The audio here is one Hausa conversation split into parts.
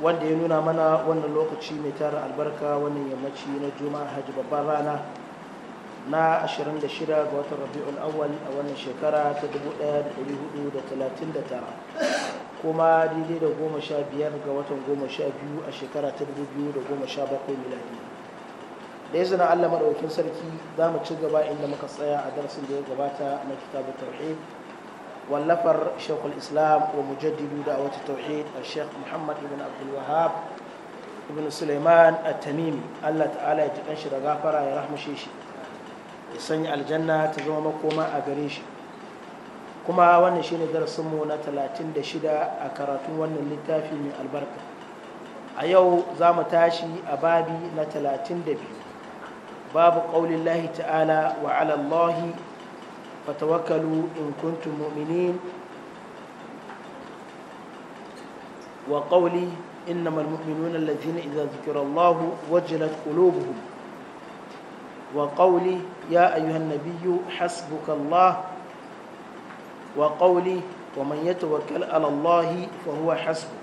wanda ya nuna mana wannan lokaci mai tara albarka wannan yammaci na juma'a hajji babban rana na 26 ga watan rabi'ul awwal a wannan shekara ta 1439 kuma daidai da goma sha biyar ga watan goma sha biyu a shekara ta 2017 miladi da ya zina allah maɗaukin sarki za mu ci gaba inda muka tsaya a darasin da ya gabata na kitabu tauhid wallafar shekul islam wa mujaddidu da wata tauhid a shek muhammad ibn abdul wahab ibn suleiman a tamimi allah ta'ala ya ji kanshi da gafara ya rahmashe shi ya sanya aljanna ta zama makoma a gare shi kuma wannan shine darasinmu na 36 a karatun wannan littafi mai albarka a yau za mu tashi a babi na 32 babu ƙaunin ta'ala wa فتوكلوا إن كنتم مؤمنين وقولي إنما المؤمنون الذين إذا ذكر الله وجلت قلوبهم وقولي يا أيها النبي حسبك الله وقولي ومن يتوكل على الله فهو حسبه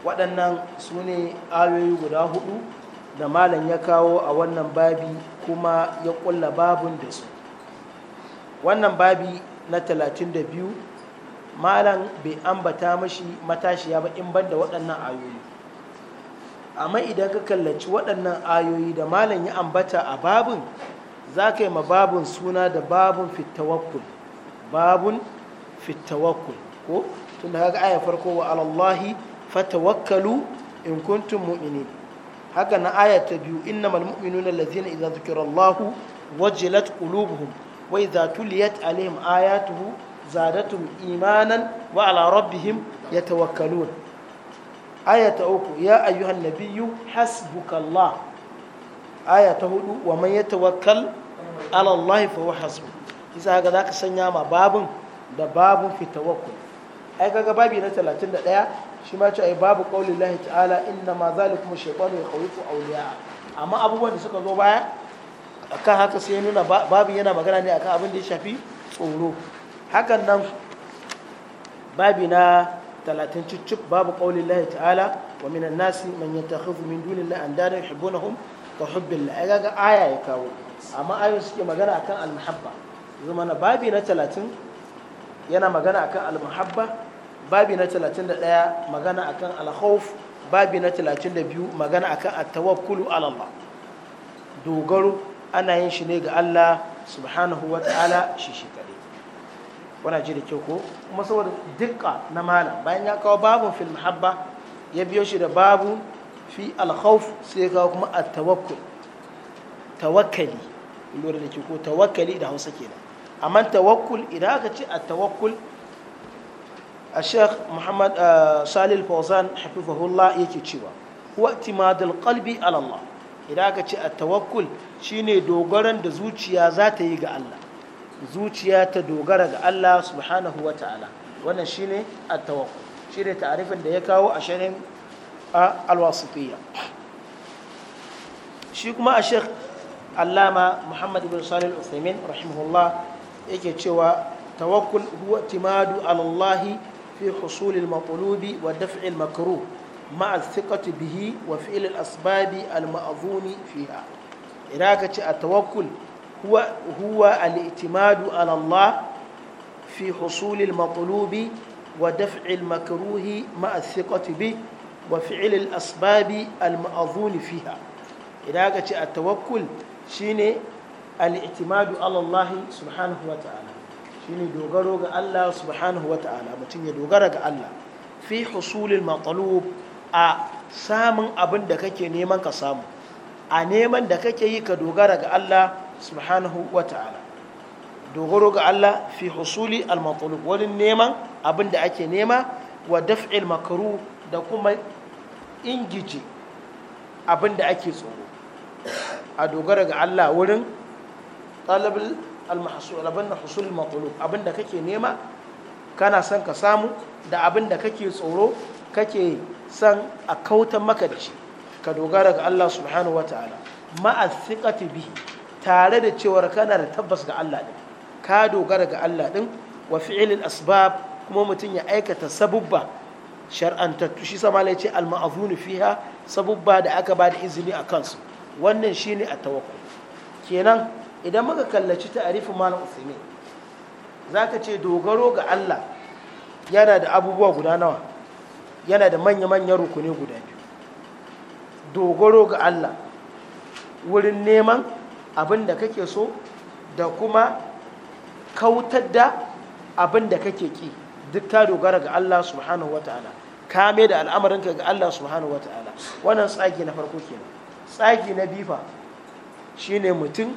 waɗannan su ne ayoyi guda hudu da malam ya kawo a wannan babi kuma ya ƙulla babun da su wannan babi na 32 malam bai ambata mashi matashiya ba in banda waɗannan ayoyi amma idan ka kallaci waɗannan ayoyi da malam ya ambata a babin za ka yi ma babin suna da babin fitawakul babun fitawakul ko tun da haka aya farko wa alallahi fatawakkalu in kuntum mu'minin haka na aya ta biyu innamal mu'minuna allazina idza zukira allahu wajilat qulubuhum wai za tuliyat alaihim ayatuhu zadatum imanan wa ala rabbihim yatawakkalun aya ta uku ya ayyuhan nabiyyu hasbukallah aya hudu wa man yatawakkal ala Allah fa huwa hasbu kisa haka zaka sanya ma babun da babun fi tawakkul ai kaga babi na 31 shi ma ce ai babu qaulillahi ta'ala inna ma zalikum shaytanu yakhawifu awliya amma abubuwan da suka zo baya akan haka sai ya nuna babin yana magana ne akan abin da ya shafi tsoro hakan nan babi na talatin cicip babu ƙaunin lahi ta'ala wa minan nasi man yanta hafi min dunin la an dada na hum hubbin la ya ga aya ya kawo amma ayon suke magana akan almuhabba zama na babi na talatin yana magana akan almuhabba babi na talatin da ɗaya magana akan alhauf babi na talatin da biyu magana akan attawakkulu alallah dogaro ana yin shi ne ga Allah subhanahu wa ta'ala shi shi wana ji da kyau ko kuma saboda dukka na malam bayan ya kawo babun fil mahabba ya biyo shi da babu fi alkhawf sai kawo kuma at-tawakkul tawakkali lura da kyau ko tawakkali da Hausa kenan amma tawakkul idan aka ce at-tawakkul الشيخ محمد صالح الفوزان حفظه الله يكي هو اعتماد القلب على الله idan aka ce a tawakkul shine dogaran da zuciya za ta yi ga Allah zuciya ta dogara ga Allah subhanahu wa ta'ala wannan shine a tawakkul shine ta'arifin da ya kawo a shirin alwasifiyya shi kuma a shek allama muhammad ibn salil uthaymin rahimahullah yake cewa tawakkul huwa timadu alallahi fi husulil maqlubi wa daf'il makruh مع الثقة به وفعل الأسباب المأذون فيها إراكة التوكل هو هو الاعتماد على الله في حصول المطلوب ودفع المكروه مع الثقة به وفعل الأسباب المأذون فيها إراكة التوكل شيني الاعتماد على الله سبحانه وتعالى شيني دوغرو الله سبحانه وتعالى متين دوغرو الله في حصول المطلوب a samun abin da kake neman ka samu a neman da kake yi ka dogara ga Allah subhanahu wa ta'ala dogaro ga Allah fi husuli al-matlub wani neman abin da ake nema wa daf'il makaru da kuma ingije abin da ake tsoro a dogara ga Allah wurin talabul al-mahsul abin da husul al-matlub abin da kake nema kana son ka samu da abin da kake tsoro kake san a kauta maka da shi ka dogara ga Allah subhanahu wa ta'ala ma'athiqati bihi tare da cewar kana da tabbas ga Allah din ka dogara ga Allah din wa fi'il asbab kuma mutum ya aikata sabubba shar'antattu shi sama ya ce al fiha sabubba da aka ba da izini a kansu wannan shine a tawakkul kenan idan muka kallaci ta'arifin malam Za zaka ce dogaro ga Allah yana da abubuwa guda nawa yana da manya-manyan rukuni guda biyu dogaro ga Allah wurin neman abin da kake so da kuma kautar da abin da kake ki duk ta dogara ga Allah subhanahu wata'ala kame da al'amarinka ga Allah subhanahu wata'ala wannan tsagi na farko kenan tsagi na bifa shine mutum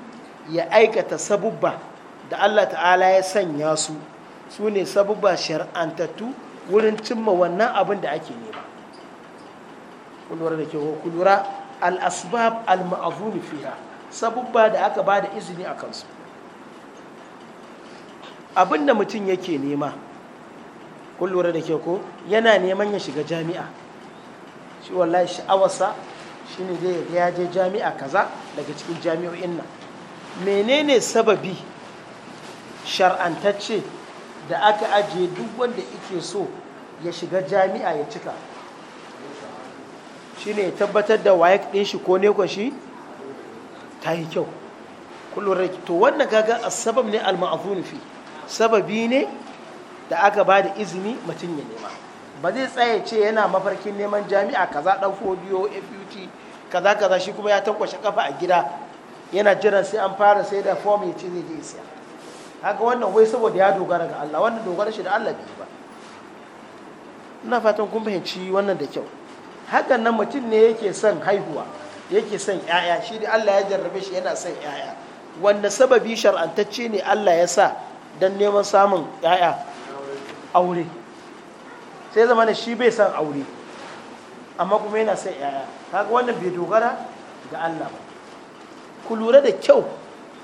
ya aikata sabubba da Allah ta'ala ya sanya su su ne sabubba shar'antattu wurin cimma wannan abin da ake nema kulura da ke kulura al-asbab al-ma'azumi fiha sabubba da aka ba da izini a kansu abin da mutum yake nema kulura da ke ko yana neman ya shiga jami'a shi wallahi sha'awarsa shi ne zai ya je jami'a kaza daga cikin jami'o'in nan menene sababi shar'antacce da aka ajiye duk wanda ike so ya shiga jami'a ya cika shi ne tabbatar da waye ɗin shi ko nekon shi ta yi kyau kullum to wannan kaga a sabab ne al sababi ne da aka ba da izini mutum ya nema ba zai tsaye ce yana mafarkin neman jami'a kaza ɗan fodiyo fut kaza kaza shi kuma ya tankwashe kafa a gida yana jiran sai an fara sai da form ya ce zai je siya haka wannan wai saboda ya dogara ga Allah wannan dogara shi da Allah bai ba ina fatan kun fahimci wannan da kyau hakan nan mutum ne yake son haihuwa yake son yaya shi da Allah ya jarrabe shi yana son yaya wanda sababi shar'antacce ne Allah ya sa don neman samun yaya aure sai zama da shi bai son aure amma kuma yana son yaya Haka wannan bai dogara ga Allah ba ku lura da kyau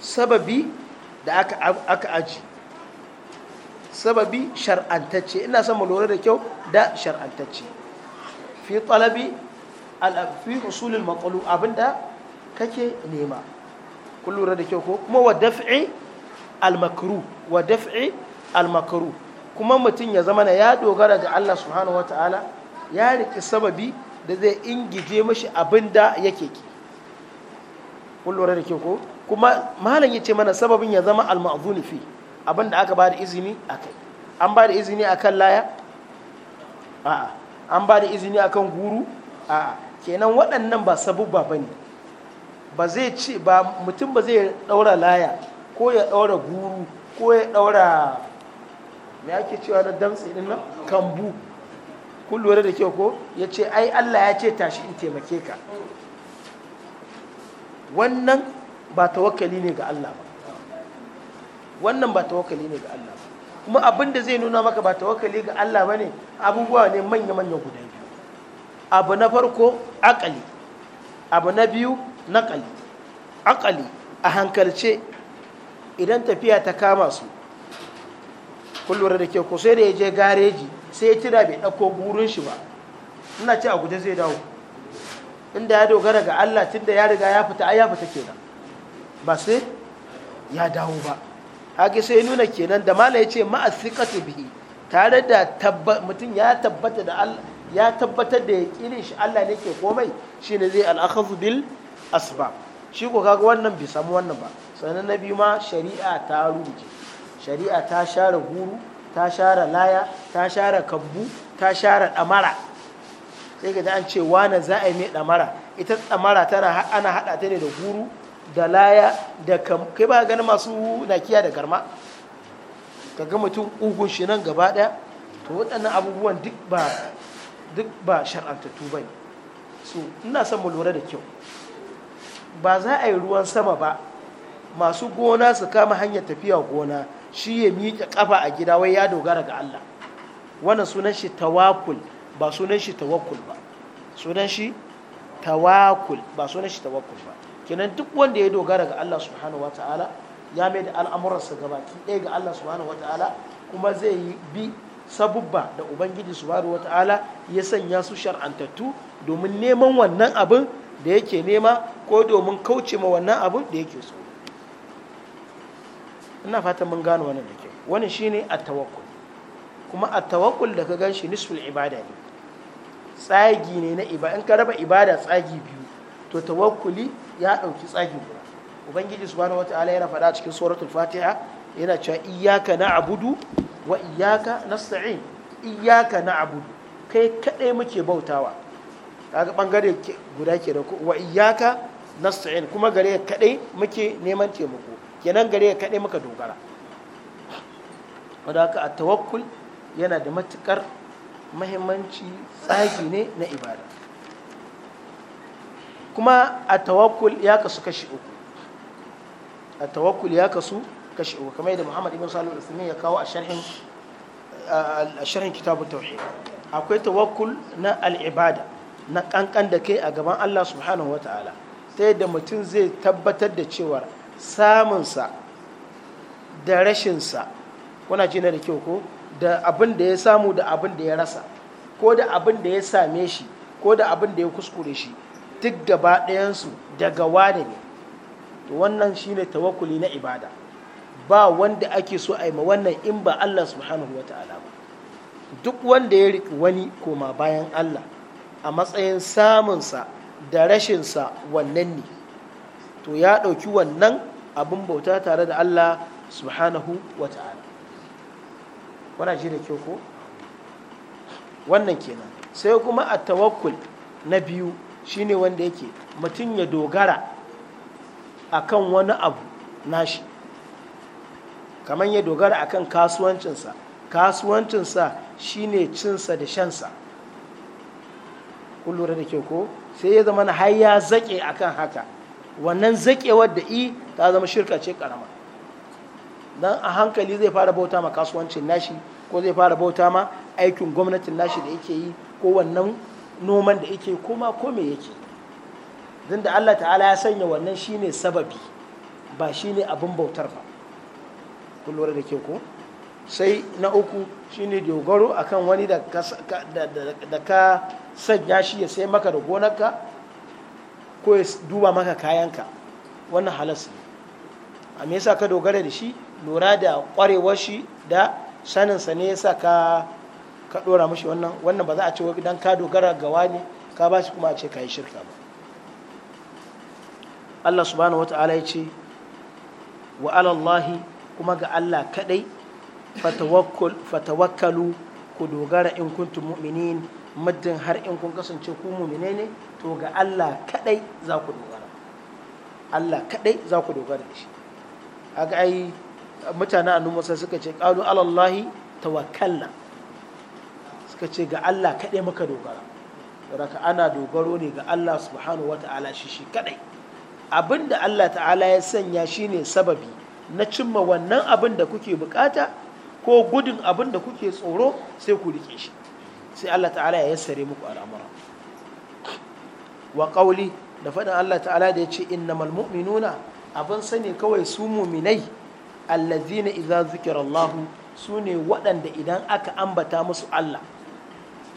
sababi da aka aji sababi shar'antacce ina son mu lura da kyau da shar'antacce fi talabi fi usulul maqlu abinda kake nema kun lura da kyau ko kuma wa daf'i al makru wa daf'i al makru kuma mutum ya zama na ya dogara ga Allah subhanahu wataala ya riki sababi da zai ingije mashi abinda yake ki kun lura da kyau ko kuma malam ya ce mana sababin ya zama al fi abin da aka bada izini akai an bada izini akan laya a'a an bada izini akan guru a'a kenan waɗannan ba sabubba bane ba zai ce ba mutum ba zai ɗaura laya ko ya ɗaura guru ko ya ɗaura me ake cewa na damtse din nan kambu kun lura da kyau ko ya ce ai Allah ya ce tashi in taimake ka wannan ba tawakkali ne ga Allah ba wannan ba tawakkali ne ga Allah ba kuma abin da zai nuna maka ba tawakkali ga Allah ba ne abubuwa ne manya-manya guda biyu abu na farko akali abu na biyu naƙali akali a hankalce idan tafiya ta kama su kullum da ke kusa da ya je gareji sai ya tira bai ɗauko burin shi ba ina ce a guje zai dawo inda ya dogara ga Allah tunda ya riga ya fita ai ya fita kenan ba sai ya dawo ba haka sai nuna kenan da mala ya ce ma'asikatu bihi tare da mutum ya tabbata da ya tabbatar da yaƙinin shi Allah ne ke komai shi ne zai al'akhadhu bil asbab shi ko kaga wannan bai samu wannan ba sannan na biyu ma shari'a ta rubuce shari'a ta share guru ta share laya ta share kabbu ta share damara sai ka an ce wane za a yi mai damara ita damara tana ana hada ta ne da guru da laya da kai ba ganin masu nakiya da garma ka ga mutum ugun shi nan gaba daya to waɗannan abubuwan duk ba duk ba shar'antattu ba ne so ina son mu lura da kyau ba za a yi ruwan sama ba masu gona su kama hanyar tafiya gona shi ya miƙe ƙafa a gida wai ya dogara ga Allah wannan sunan shi tawakul ba sunan shi tawakul ba sunan shi tawakul ba sunan shi tawakul ba kenan duk wanda ya dogara ga Allah subhanahu wataala ya mai da al'amuransa gabaki ɗaya ga Allah subhanahu wataala kuma zai yi bi sabubba da ubangiji subhanahu wataala ya sanya su shar'antattu domin neman wannan abin da yake nema ko domin kauce ma wannan abin da yake so ina fatan mun gano wannan da kyau Wani shine at-tawakkul kuma at-tawakkul da ka ganshi nisful ibada ne tsagi ne na ibada in ka raba ibada tsagi biyu to tawakkuli ya ɗauki tsafi ubangiji subhanahu wata'ala yana faɗa cikin suratul fatiha yana cewa iyyaka na'budu wa iyyaka nasta'in iyyaka na'budu kai kaɗai muke bautawa kaga bangare guda kenan wa iyyaka nasta'in kuma gare kadai muke neman taimako kenan gare kadai muka dogara wadda haka a tawakkul yana da matukar mahimmanci tsaki ne na ibada kuma a tawakkul ya kasu kashi uku a tawakkul ya kasu kashi uku kamar yadda muhammad ibn salim al ya kawo a sharhin a sharhin kitabu tauhid akwai tawakkul na al'ibada na kankan da kai a gaban allah subhanahu wataala ta yadda mutum zai tabbatar da cewa samunsa da rashinsa kuna ji na da kyau ko da abin da ya samu da abin da ya rasa ko da abin da ya same shi ko da abin da ya kuskure shi duk gaba ɗayansu daga wane ne to wannan shine tawakuli na ibada ba wanda ake so a yi ma wannan in ba Allah subhanahu wa ta'ala ba duk wanda ya riƙi wani koma bayan Allah a matsayin samunsa da rashinsa wannan ne to ya ɗauki wannan abin bauta tare da Allah subhanahu wa ta'ala wana ji da kyau ko wannan kenan sai kuma a tawakkul na biyu shine wanda yake mutum ya dogara akan wani abu nashi kamar ya dogara akan kasuwancinsa kasuwancinsa shine cinsa da shansa kun da ke sai ya zama har ya zaƙe akan haka wannan zaƙewar da i ta zama shirka ce karama don a hankali zai fara bauta ma kasuwancin nashi ko zai fara bauta ma aikin gwamnatin nashi da yake yi ko wannan noman da yake koma ko me yake don da Allah ta'ala ya sanya wannan shine sababi ba shine abin bautar ba kun da ke ko sai na uku shine dogaro akan wani da ka sanya shi ya sai maka da gonarka ko ya duba maka kayanka wannan halas ne a me yasa ka dogara da shi lura da kwarewar shi da saninsa ne yasa ka ka ɗora mashi wannan wannan ba za a ce wai idan ka dogara ga wani ka ba shi kuma a ce ka yi shirka ba Allah subhanahu wata'ala ya ce wa alallahi kuma ga Allah kadai fatawakkalu ku dogara in kuntum mu'minin muddin har in kun kasance ku mu'mine ne to ga Allah kadai za ku dogara Allah kadai za ku dogara da shi aga ai a annabi suka ce qalu alallahi tawakkalna suka ce ga Allah kaɗai maka dogara raka ana dogaro ne ga Allah subhanahu wa ta'ala shi shi kaɗai abin da Allah ta'ala ya sanya shi ne sababi na cimma wannan abin da kuke bukata ko gudun abin da kuke tsoro sai ku rike shi sai Allah ta'ala ya yassare muku al'amura wa ƙauli da faɗin Allah ta'ala da ya ce innamal mu'minuna abin sani kawai su muminai allazina idza zikirallahu su ne waɗanda idan aka ambata musu Allah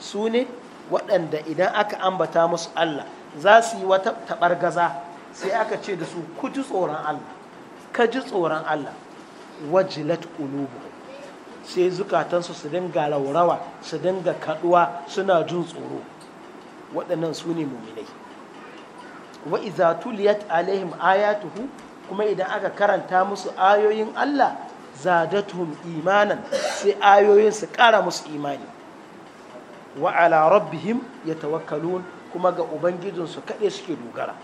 su ne waɗanda idan aka ambata musu Allah za su yi wata taɓar gaza sai aka ce da su ku ji tsoron Allah ka ji tsoron Allah wajilat ulubu sai zukatansu su dinga laurawa su dinga kaɗuwa suna jin tsoro waɗannan su ne muminai wa iza tuliyat alaihim ayatuhu kuma idan aka karanta musu ayoyin Allah zadatuhum imanan sai ayoyin su ƙara musu imani wa ala rabbihim yatawakkalun kuma ga ubangijinsu kaɗai suke dogara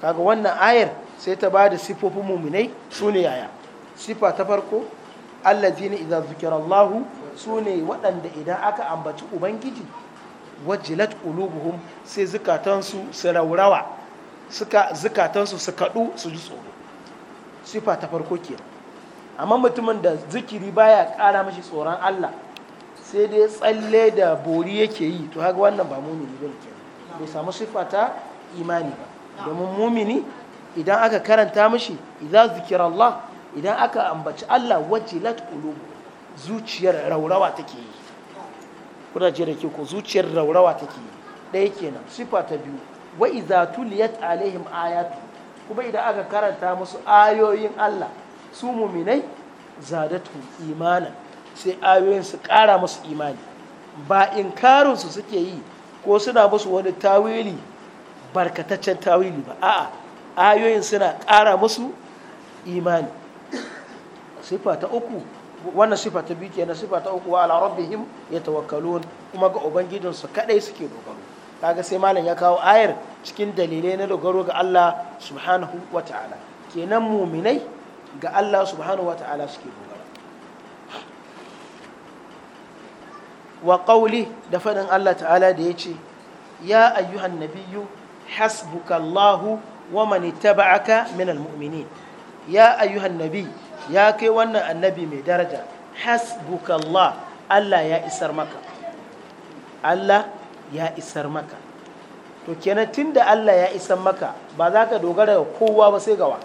kaga wannan ayar sai ta bada sifofin muminai sune yaya Sifa ta farko allazina idza zukirallahu su sune waɗanda idan aka ambaci ubangiji wajilat qulubuhum sai zukatansu su raurawa suka zukatansu su kadu su ji tsoro Sifa ta farko kenan amma mutumin da zikiri baya ƙara mashi tsoron Allah sai dai tsalle da bori yake yi to haka wannan ba mumini ba ke bai samu sifata ta imani ba domin mumini idan aka karanta mishi idan zikir idan aka ambaci Allah wajilat ulubu zuciyar raurawa take yi kuna da da ke ko zuciyar raurawa take yi ɗaya kenan sifata ta biyu wa idza tuliyat alaihim ayatu kuma idan aka karanta musu ayoyin Allah su muminai zadatu imanan sai ayoyin su ƙara musu imani ba inkarinsu suke yi ko suna musu wani tawili barkataccen tawili ba a'a ayoyin suna ƙara musu imani sifa ta uku wannan sifa ta biyu kenan sifa ta uku wa ala rabbihim yatawakkalun kuma ga su kadai suke dogaro kaga sai malam ya kawo ayar cikin dalilai na dogaro ga Allah subhanahu wata'ala kenan muminai ga Allah subhanahu wata'ala suke dogaro wa ƙauli da faɗin Allah ta'ala da ya ce ya ayyuhan nabiyyu hasbukallahu wa man ittaba'aka min almu'minin ya ayyuhan nabi ya kai wannan annabi mai daraja hasbukallah Allah ya isar maka Allah ya isar maka to kenan tunda Allah ya isar maka ba za ka dogara ga kowa ba sai gawa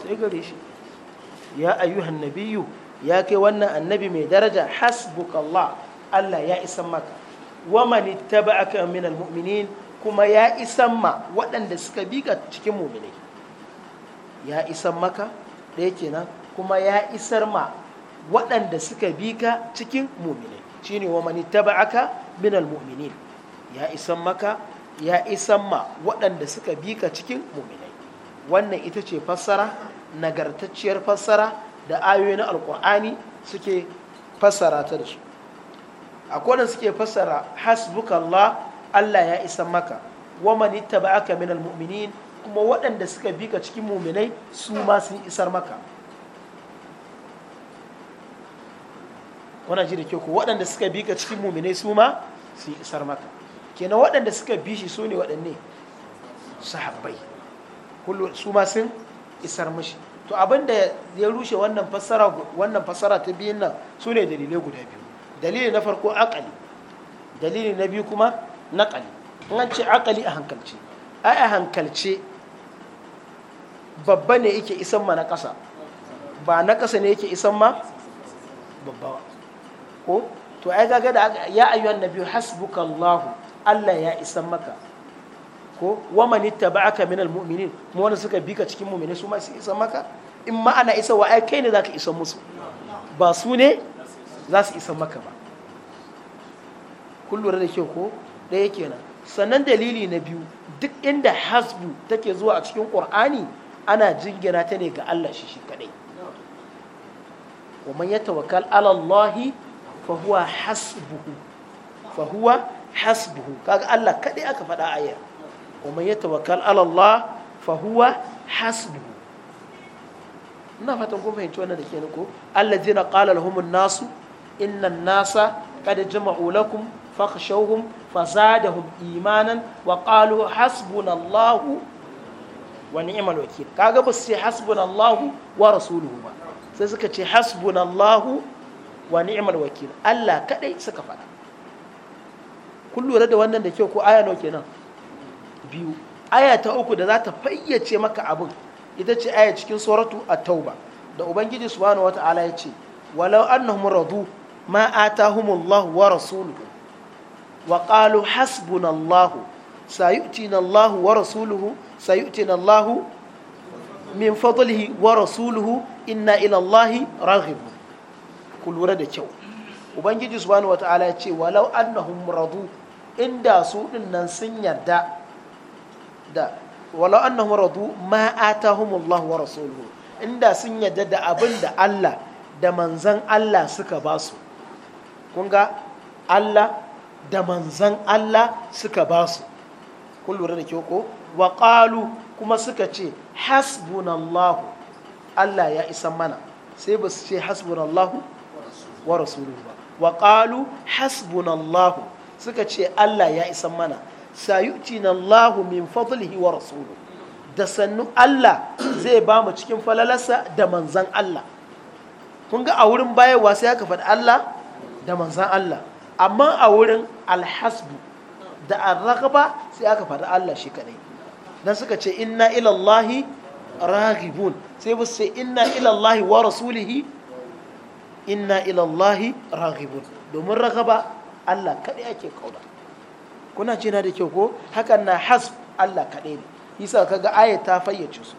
sai gare shi ya ayyuhan Nabiyu ya kai wannan annabi mai daraja hasbukallah Allah ya isan maka ittaba'aka kuma ya isan ma waɗanda suka bi ka cikin mu'minai ya isan maka da kenan kuma ya isar ma waɗanda suka bi ka cikin mu'minai shine ittaba'aka ya isan maka ya isan ma waɗanda suka bi ka cikin mu'minai wannan ita ce fassara nagartacciyar fassara da ayoyi na alkur'ani suke fassara ta da su akwai wanda suke fassara hasbukallah Allah ya isa maka wa man ittaba'aka minal mu'minin kuma waɗanda suka bi ka cikin muminai su ma sun isar maka wannan ji da ke ku waɗanda suka bi ka cikin muminai su ma sun isar maka kenan waɗanda suka bi shi su ne waɗanne sahabbai su ma sun isar mashi to abin da ya rushe wannan fassara ta biyun nan su ne dalilai guda biyu dalili na farko akali dalili na biyu kuma naƙali in an ce akali a hankalce ai a hankalce babba ne yake isan ma na ƙasa ba na ƙasa ne yake isan ma babba ko to ai gaga da ya ayyuhan nabiyyu hasbukallahu Allah ya isan maka ko wa man ittaba'aka minal mu'minin mu wanda suka bi ka cikin mu'mini su ma su isan maka in ma ana isa wa ai kai ne zaka isan musu ba su ne za su isa maka ba kun lura da kyau ko ɗaya kenan sannan dalili na biyu duk inda hasbu take zuwa a cikin ƙur'ani ana jingina ta ne ga Allah shi shi kaɗai ومن يتوكل على الله فهو حسبه فهو حسبه كاغا allah كدي aka faɗa aya ومن يتوكل على الله فهو حسبه ina fatan kun fahimci wannan da ke ko allazina qala lahum an-nasu innan nasa kada jama'u lakum fakhshawhum fazadahum imanan wa qalu hasbunallahu wa ni'mal wakil kaga ba su ce hasbunallahu wa rasuluhu ba sai suka ce hasbunallahu wa ni'mal wakil Allah kadai suka faɗa kun lura da wannan da kyau ko aya nawa kenan biyu aya ta uku da za ta fayyace maka abin ita ce aya cikin suratu at-tauba da ubangiji subhanahu wata'ala ya ce walau annahum radu ma atahumullahu wa rasuluhu wa qalu hasbunallahu sayu'tina Allahu wa rasuluhu sayu'tina Allahu min fadlihi wa rasuluhu inna ila Allahi raghib ku da kyau ubangiji subhanahu wataala ya ce walau annahum radu inda su dinnan sun yarda da abun da Allah da manzan Allah suka basu. Kunga? Allah da manzan Allah suka ba su kun lura da kyau ko wa kuma suka ce hasbunallahu Allah ya isan mana sai ba su ce hasbunallahu wa rasuluhu ba wa qalu hasbunallahu suka ce Allah ya isan mana sayu'tina Allahu min fadlihi wa rasuluhu da sannu Allah zai ba mu cikin falalarsa da manzan Allah kun ga a wurin bayarwa sai aka faɗi Allah da manzan Allah amma a wurin alhasbu da arragaba sai aka faɗi Allah shi kadai dan suka ce inna ilallahi ragibun sai ba sai inna ilallahi wa rasulihi inna ilallahi ragibun domin ragaba Allah kadai ake kauda kuna ce na da kyau ko hakan na hasb Allah kadai ne yasa kaga aya ta fayyace su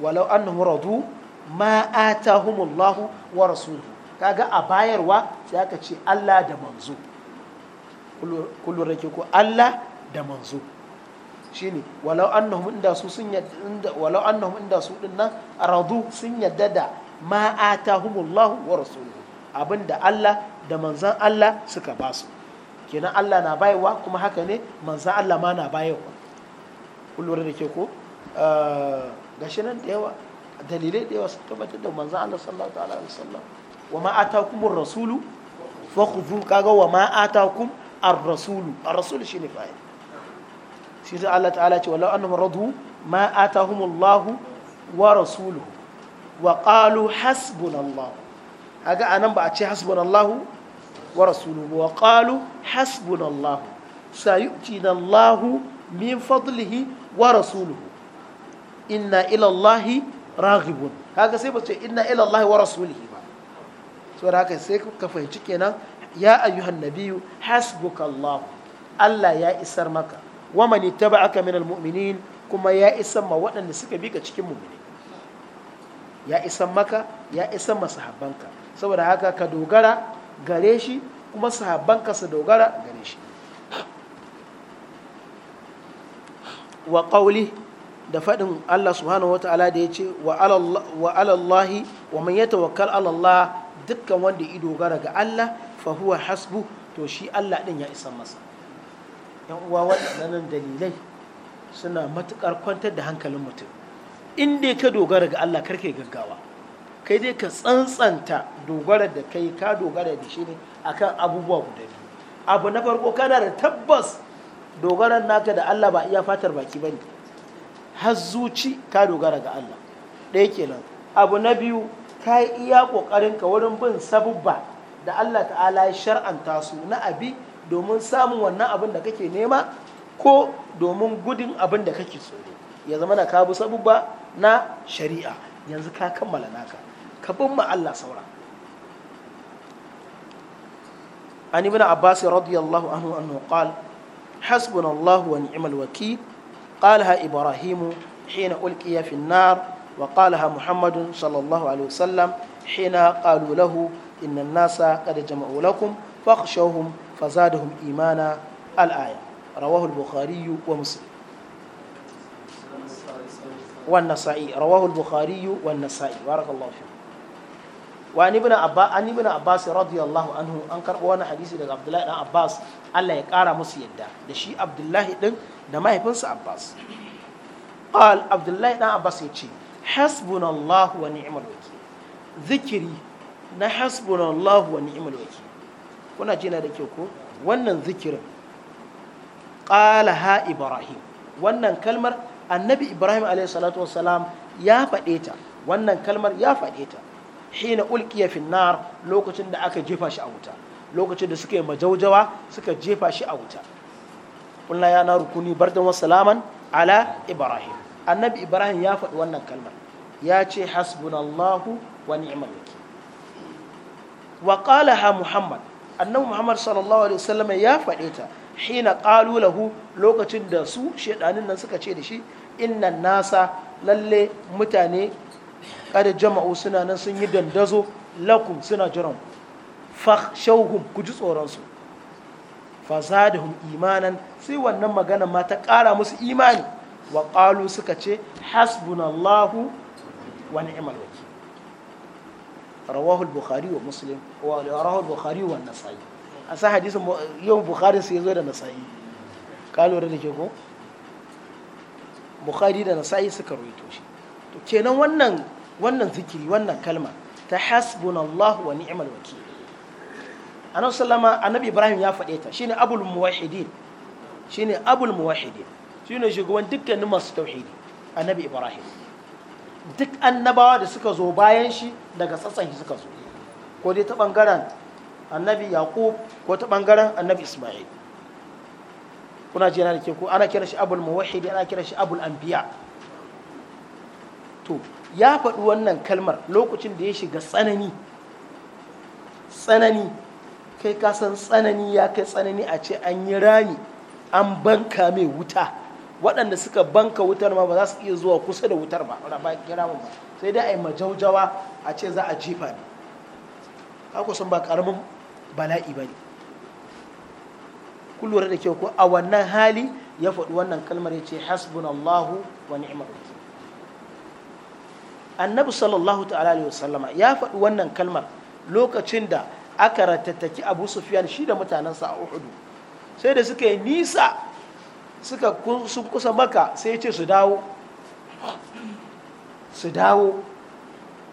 walau annahum radu ma atahumullahu wa rasuluhu kaga a bayarwa sai aka ce Allah da manzo kullum rake ko Allah da manzo shine walau annahum inda su sun yadda walau annahum inda su din nan sun yadda da ma atahumullahu wa rasuluhu abinda Allah da manzan Allah suka ba su kenan Allah na bayarwa kuma haka ne manzan Allah ma na bayarwa kullum da ke ko eh, gashi nan da yawa dalilai da yawa sun tabbatar da manzan Allah sallallahu alaihi wasallam wa ma atakumur rasulu fa khudhu kaga wa ma atakum ar-rasulu shi ne shine shi sai Allah ta'ala ce walau annahum radu ma atahumullahu wa rasuluhu wa qalu hasbunallahu kaga anan ba a ce Allah wa rasuluhu wa qalu hasbunallahu sayu'tina Allah min fadlihi wa rasuluhu inna ila Allahi raghibun kaga sai ba ce inna ila Allahi wa rasulihi ba saboda haka sai ka fahimci kenan ya ayyuhan nabiyyu hasbukallah Allah ya isar maka wa man ittaba'aka min almuminin kuma ya isar ma waɗanda suka bi ka cikin mu'mini ya isar maka ya isar ma sahabbanka saboda haka ka dogara gare shi kuma sahabbanka su dogara gare shi wa qawli da faɗin Allah subhanahu wa ta'ala da ya ce wa alallahi wa man yatawakkal ala Allah dukkan wanda ya dogara ga Allah fa huwa hasbu to shi Allah ɗin ya isa masa yan uwa waɗannan dalilai suna matukar kwantar da hankalin mutum in dai ka dogara ga Allah karka gaggawa kai dai ka tsantsanta dogara da kai ka dogara da shi ne akan abubuwa guda biyu abu na farko kana da tabbas dogaran naka da Allah ba iya fatar baki ba ne. zuci ka dogara ga Allah ɗaya kenan abu na biyu ka yi iya ƙoƙarinka wurin bin sabubba da Allah ta'ala ya shar'anta su na abi domin samun wannan abin da kake nema ko domin gudun abin da kake tsoro ya zama na ka bi sabubba na shari'a yanzu ka kammala naka ka bin ma Allah saura an ibn abbas radiyallahu anhu annahu qala hasbunallahu wa ni'mal wakil qalaha ibrahim hina ulqiya fi an وقالها محمد صلى الله عليه وسلم حين قالوا له إن الناس قد جمعوا لكم فاخشوهم فزادهم إيمانا الآية رواه البخاري ومسلم والنسائي رواه البخاري والنسائي بارك الله فيكم وعن ابن عباس عن ابن عباس رضي الله عنه انكر وانا حديثي daga Abdullahi dan Abbas Allah ya kara musu yadda da shi Abdullahi din da mahaifinsa Abbas قال عبد الله بن عباس يجي hasbunallahu wa ni'mal wakil zikiri na hasbunallahu wa ni'mal wakil kuna ji na da kyau ko wannan zikirin qalaha ibrahim wannan kalmar annabi ibrahim alaihi salatu wassalam ya faɗe ta wannan kalmar ya faɗe ta hina ulqiya fi nar lokacin da aka jefa shi a wuta lokacin da suka yi majaujawa suka jefa shi a wuta kulna ya naru kuni bardan wa salaman ala ibrahim annabi ibrahim ya faɗi wannan kalmar ya ce hasbunallahu wa ni'mal wakil wa qalaha muhammad annabi muhammad sallallahu alaihi wasallam ya faɗe ta hina qalu lahu lokacin da su shedanin nan suka ce da shi inna nasa lalle mutane kada jama'u suna nan sun yi dandazo lakum suna jiran fakhshawhum ku ji tsoron su fazadahum imanan sai wannan magana ma ta ƙara musu imani wa qalu suka ce hasbunallahu wa ni'mal wakil rawahu al-bukhari wa muslim wa rawahu al-bukhari wa nasai Asa sa hadisin yau bukhari sai zo da nasai ka lura da ke ko bukhari da nasai suka ruwaito shi to kenan wannan wannan zikiri wannan kalma ta hasbunallahu wa ni'mal wakil annabi sallama annabi ibrahim ya faɗe ta shine abul muwahhidin shine abul muwahhidin shine shugaban dukkanin masu tauhidi annabi ibrahim duk annabawa da suka zo bayan shi daga tsatsan shi suka zo ko dai ta bangaren annabi yaqub ko ta bangaren annabi isma'il kuna jira da ke ko ana kira shi abul muwahhid ana kira shi abul anbiya to ya faɗi wannan kalmar lokacin da ya shiga tsanani tsanani kai ka san tsanani ya kai tsanani a ce an yi rani an banka mai wuta waɗanda suka banka wutar ma ba za su iya zuwa kusa da wutar ba ramin ba sai dai a yi majaujawa a ce za a jefa ne haka sun ba karamin bala'i ba ne kun lura da kyau ko a wannan hali ya faɗi wannan kalmar ya ce hasbunallahu wa ni'mal wakil annabi sallallahu ta'ala alaihi wasallama ya faɗi wannan kalmar lokacin da aka ratattaki abu sufiyan shi da mutanensa a uhudu sai da suka yi nisa suka sun kusa maka sai ya ce su dawo su dawo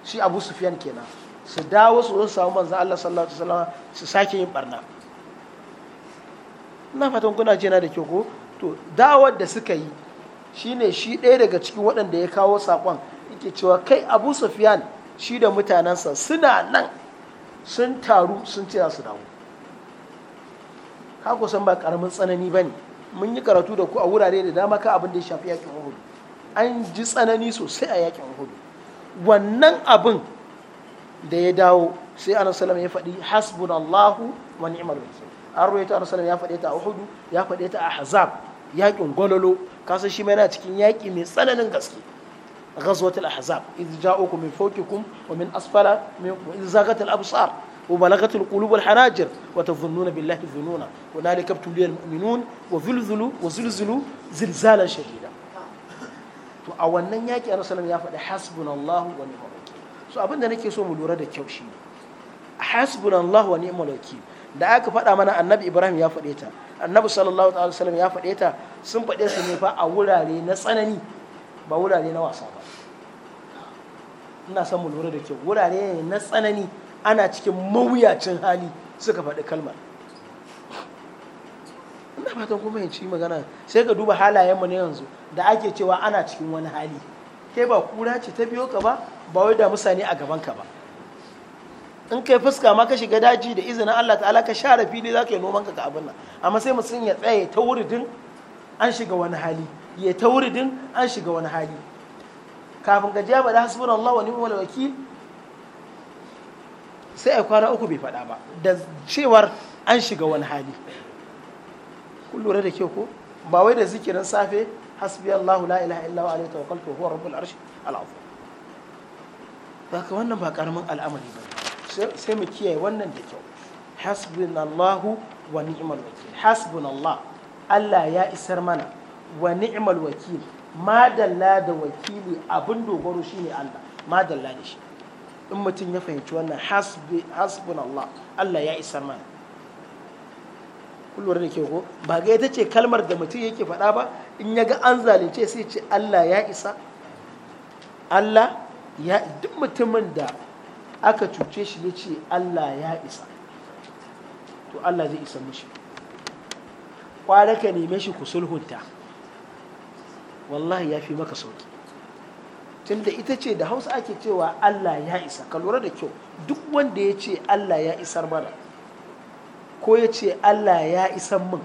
shi abu sufiyan kenan su dawo su zo samu manzan Allah sallallahu alaihi wasallam su sake yin barna na fatan kuna jina da kyau ko to dawar da suka yi shine shi ɗaya daga cikin waɗanda ya kawo saƙon yake cewa kai abu sufiyan shi da mutanensa suna nan sun taru sun ce su dawo ka kusan ba ƙaramin tsanani ba ne mun yi karatu da ku a wurare da dama ka abin da ya shafi yakin uhud an ji tsanani sosai a yakin uhud wannan abin da ya dawo sai anas salam ya faɗi hasbunallahu wa ni'mal wakil an ruwaito anas salam ya faɗe ta a uhud ya faɗe ta a ahzab yakin gololo kasan shi yana cikin yaki mai tsananin gaske ghazwatul ahzab idh ja'ukum min fawqikum wa min asfala minkum idh zaghatil absar وبلغت القلوب الحناجر وتظنون بالله الظنونا هنالك ابتلي المؤمنون وزلزلوا وزلزلوا زلزالا شديدا to a wannan yaki a rasulun ya faɗi hasbunallahu wa ni'mal wakil so abin da nake so mu lura da kyau shine hasbunallahu wa ni'mal wakil da aka faɗa mana annabi ibrahim ya faɗe ta annabi sallallahu alaihi wasallam ya faɗe ta sun faɗe su ne fa a wurare na tsanani ba wurare na wasa ba ina son mu lura da kyau wurare na tsanani ana cikin mawuyacin hali suka faɗi kalmar ina fatan kuma yin ci magana sai ka duba halayen mu ne yanzu da ake cewa ana cikin wani hali kai ba kura ce ta biyo ka ba ba wai da musane a gaban ka ba in kai fuska ma ka shiga daji da izinin Allah ta'ala ka share fili za ka yi noman ka ka abin nan amma sai mutum ya tsaye ta wuridin an shiga wani hali ya ta wuridin an shiga wani hali kafin ka je ba da hasbunallahu wa ni'mal wakil sai a kwana uku bai faɗa ba da cewar an shiga wani hali kun lura da ke ko ba wai da zikirin safe hasbi Allahu la ilaha illa wa alayhi tawakkaltu huwa rabbul arshi al'azim ba ka wannan ba karamin al'amari ba sai mu kiyaye wannan da kyau hasbunallahu wa ni'mal wakil hasbunallah Allah ya isar mana wa ni'mal wakil madalla da wakili abin dogaro shine Allah madalla da shi in mutum ya fahimci wannan hasbun Allah Allah ya isa mana kullum da ke ko ba ga ita ce kalmar da mutum yake faɗa ba in ya ga an zalunce sai ce Allah ya isa Allah ya duk mutumin da aka cuce shi ya ce Allah ya isa to Allah zai isa mishi kwanaka neme shi ku sulhunta wallahi ya fi maka sauki tunda ita ce da hausa ake cewa Allah ya isa ka lura da kyau duk wanda ya ce Allah ya isar mana ko ya ce Allah ya isan min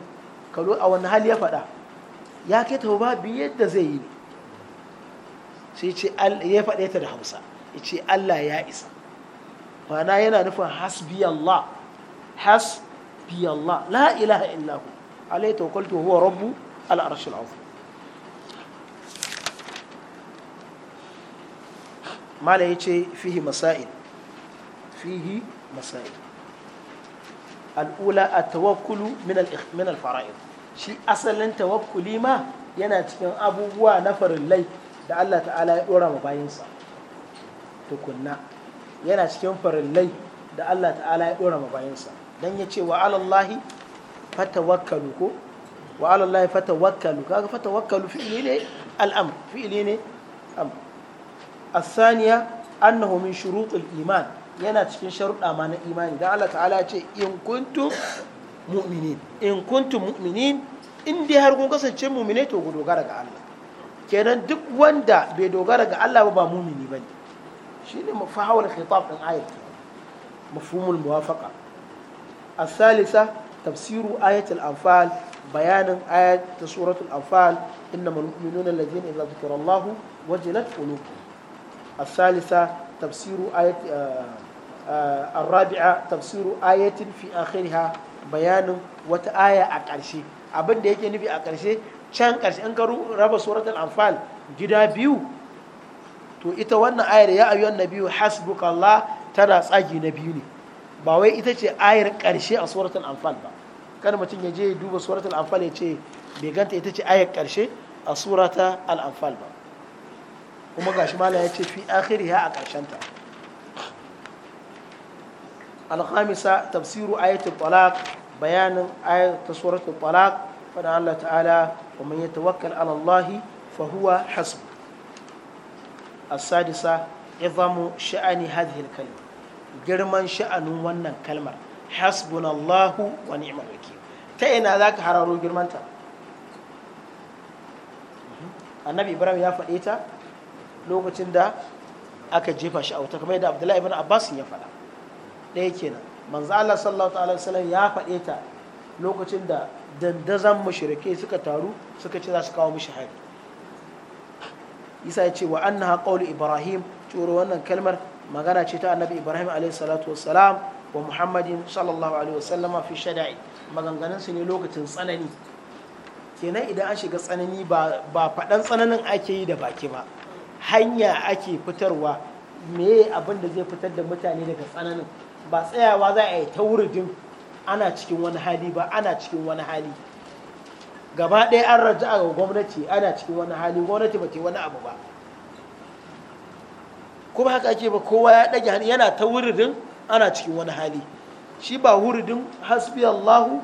a wani hali ya faɗa ya kai ta ba bi yadda zai yi sai ce ya faɗe ta da hausa ya ce Allah ya isa ma'ana yana nufin hasbi Allah hasbi Allah la ilaha illahu alai tawakkaltu huwa rabbu al-arshil azim mala ya ce fihi masa'il fihi masa'il al'ula a tawakkulu min al-fara'id shi asalin tawakkuli ma yana cikin abubuwa na farillai da Allah ta'ala ya ɗora ma bayansa tukunna yana cikin farillai da Allah ta'ala ya ɗora ma bayansa don ya ce wa alallahi fatawakkalu ko wa alallahi fatawakkalu kaga fatawakkalu fi'ili ne al'am fi'ili ne am الثانية أنه من شروط الإيمان ينا تكين شروط أمان إيماني ده الله تعالى إن كنتم مؤمنين إن كنتم مؤمنين إن دي هرقون قصة جم مؤمنين توقو دوغارة الله كيران دك واندا بي دوغارة الله وبا مؤمني بني شيني مفاول خطاب من آية مفهوم الموافقة الثالثة تفسير آية الأنفال بيان آية سورة الأنفال إنما المؤمنون الذين إذا ذكر الله وجلت قلوبهم الثالثة تفسير آية الرابعة تفسير آية في آخرها بيان وتآية أكارشي abin da yake nufi a ƙarshe can ƙarshe an karu raba suratul amfal gida biyu to ita wannan ayar ya ayyuhan nabiyyu hasbukallah tana tsagi na biyu ne ba wai ita ce ayar ƙarshe a suratul anfal ba kada mutum ya je duba suratul anfal ya ce bai ganta ita ce ayar ƙarshe a surata al-anfal ba kuma gashi malam ya ce fi akhiriha a ta alhamisa tafsiru ayatul talaq bayanin ayatul suratul talaq fada Allah ta'ala wa man yatawakkal ala Allah fa huwa hasb as-sadisa izamu sha'ani hadhihi al girman sha'anin wannan kalmar hasbunallahu wa ni'mal wakil ta ina zaka hararo girmanta annabi ibrahim ya faɗe ta lokacin da aka jefa shi a wuta kamar yadda abdullahi ibn abbas ya faɗa ɗaya kenan manzo Allah sallallahu alaihi wasallam ya faɗe ta lokacin da dandazan mushrike suka taru suka ce za su kawo mishi hari isa ya ce wa annaha qawlu ibrahim turo wannan kalmar magana ce ta annabi ibrahim alaihi salatu wassalam wa muhammadin sallallahu alaihi wasallam fi shada'i maganganun su ne lokacin tsanani kenan idan an shiga tsanani ba faɗan tsananin ake yi da baki ba hanya ake fitarwa me abin da zai fitar da mutane daga tsananin ba tsayawa za a yi ta wurudin ana cikin wani hali ba ana cikin wani hali gaba ɗaya an raja a gwamnati ana cikin wani hali gwamnati ba ke wani abu ba kuma haka ake ba kowa ya ɗage hannu yana ta wurudin ana cikin wani hali shi ba wurudin hasbi allahu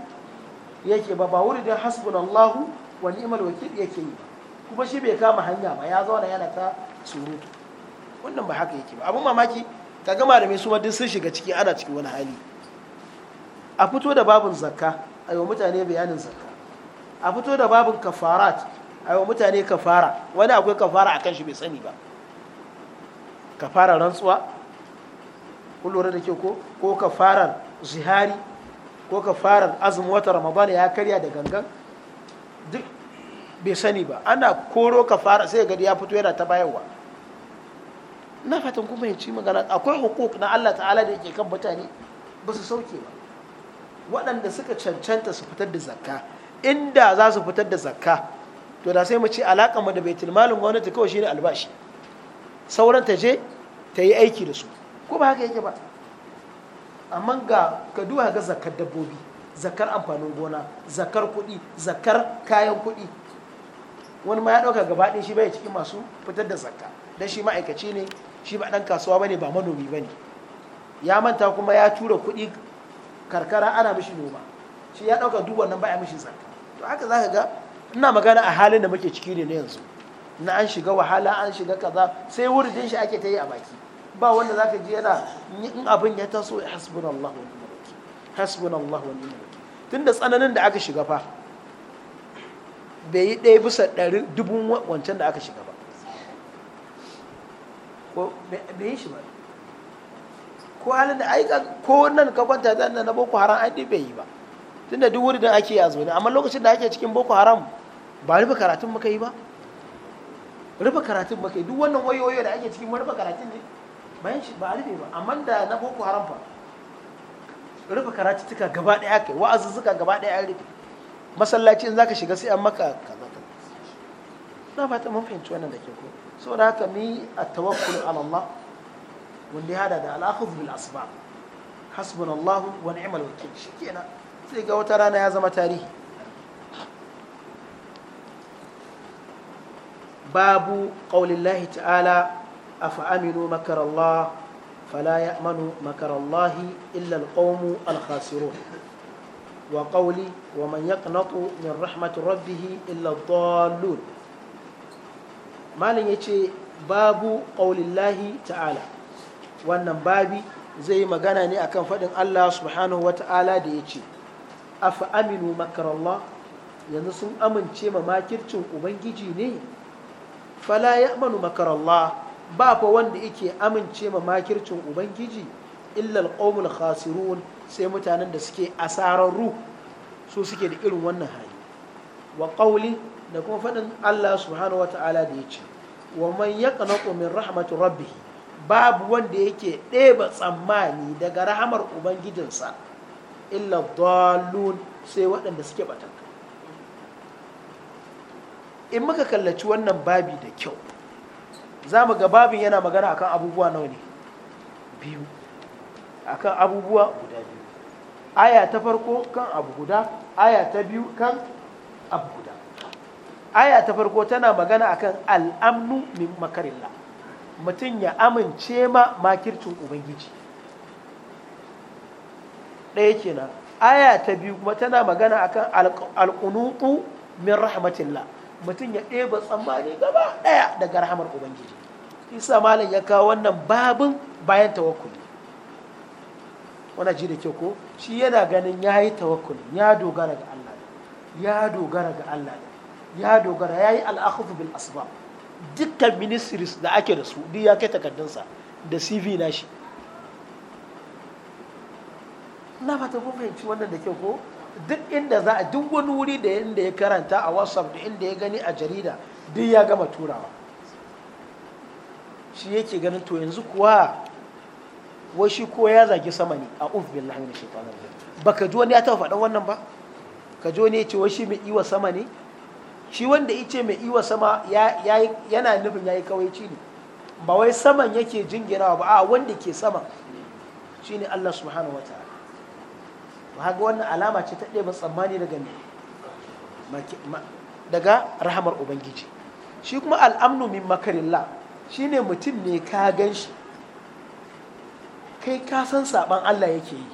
yake ba ba wurudin hasbun allahu wani imal wakil yake yi kuma shi bai kama hanya ba ya zauna yana ta surutu wannan ba haka yake ba abin mamaki ka da mai su duk sun shiga ciki ana cikin wani hali a fito da babin zakka a yi wa mutane bayanin zakka a fito da babin kafarat a yi wa mutane kafara wani akwai kafara a kan shi bai sani ba kafarar rantsuwa kun da ke ko ko kafarar zihari ko kafarar azumin wata ramadan ya karya da gangan duk bai sani ba ana koro ka fara sai gari ya fito yana ta bayarwa na fatan kuma ya ci magana akwai hukuk na Allah ta'ala da yake kan mutane ba su sauke ba waɗanda suka cancanta su fitar da zakka inda za su fitar da zakka to da sai mu ce alaƙa mu da baitul malin gwamnati kawai shine albashi sauran ta je ta yi aiki da su ko ba haka yake ba amma ga ka duba ga zakkar dabbobi zakkar amfanin gona zakkar kuɗi zakkar kayan kuɗi wani ma ya ɗauka gaba ɗin shi bai cikin masu fitar da zakka dan shi ma'aikaci ne shi ba ɗan kasuwa bane ba manomi bane ya manta kuma ya tura kuɗi karkara ana mishi noma shi ya ɗauka duk wannan baya mishi zakka to haka zaka ga ina magana a halin da muke ciki ne na yanzu na an shiga wahala an shiga kaza sai wurin shi ake ta yi a baki ba wanda zaka ji yana in abin ya taso hasbunallahu wa ni'mal wakeel hasbunallahu wa ni'mal wakeel tunda tsananin da aka shiga fa bai yi ɗaya bisa ɗari dubun wancan da aka shiga ba ko bai yi shi ba ko halin da aika ko nan ka kwanta da na boko haram ai bai yi ba tunda duk wuri da ake a zaune amma lokacin da ake cikin boko haram ba rufe karatun muka yi ba rufe karatun muka yi duk wannan wayoyo da ake cikin rufe karatun ne bayan shi ba rufe ba amma da na boko haram fa rufe karatun tuka gaba ɗaya kai wa'azuzzuka gaba ɗaya an rufe masallaci in zaka shiga sai an maka kaza na fata mun fahimci wannan da ke ko saboda haka mi at-tawakkul ala Allah wanda ya hada da al-akhdh bil asbab hasbunallahu wa ni'mal wakeel shikenan sai ga wata rana ya zama tarihi babu qaulillahi ta'ala afa'aminu makarallah fala ya'manu makarallahi illa al-qawmu al wa qawli wa man yaqnatu min rahmati rabbihi illa dhallun malin yace babu qaulillahi ta'ala wannan babi zai yi magana ne akan faɗin Allah subhanahu wa ta'ala da yace afa aminu makarallah yanzu sun amince ma makircin ubangiji ne fala ya'manu makarallah ba fa wanda yake amince ma makircin ubangiji illal qaumul khasirun sai mutanen da suke asararru su suke da irin wannan hali wa qawli da kuma faɗin Allah subhanahu wa da ya ce wa man yaqnatu min rahmatu rabbih babu wanda yake ɗeba tsammani daga rahamar ubangijinsa illa dalun sai waɗanda suke batan in muka kallaci wannan babi da kyau za mu ga babin yana magana akan abubuwa nawa ne biyu akan abubuwa guda biyu aya ta farko kan abu guda aya ta biyu kan abu guda aya ta farko tana magana akan al'amnu min makarilla mutum ya amince ma makircin ubangiji ɗaya kenan aya ta biyu kuma tana magana akan alƙunutu min rahmatillah mutum ya ɗeba tsammani gaba ɗaya daga rahamar ubangiji isa malam ya kawo wannan babin bayan tawakkuli wana ji da kyau ko shi yana ganin ya yi tawakkul ya dogara ga Allah ya dogara ga Allah ya dogara ya yi al'akufu bil asbab dukkan ministries da ake da su duk ya kai takardunsa da CV na shi na fata kun fahimci wannan da kyau ko duk inda za a duk wani wuri da inda ya karanta a whatsapp da inda ya gani a jarida duk ya gama turawa shi yake ganin to yanzu kuwa wai shi ko ya zagi sama ne a uf billahi min shaitanir rajim ka ji wani ya taba faɗan wannan ba ka ji wani ya ce wai shi mai iwa sama ne shi wanda ce mai iwa sama yana nufin yayi kawaici ne ba wai saman yake jingirawa ba a wanda ke sama shine Allah subhanahu wataala ba haka wannan alama ce ta ba tsammani daga daga rahamar ubangiji shi kuma al'amnu min shi shine mutum ne ka gan shi kai ka san saban Allah yake yi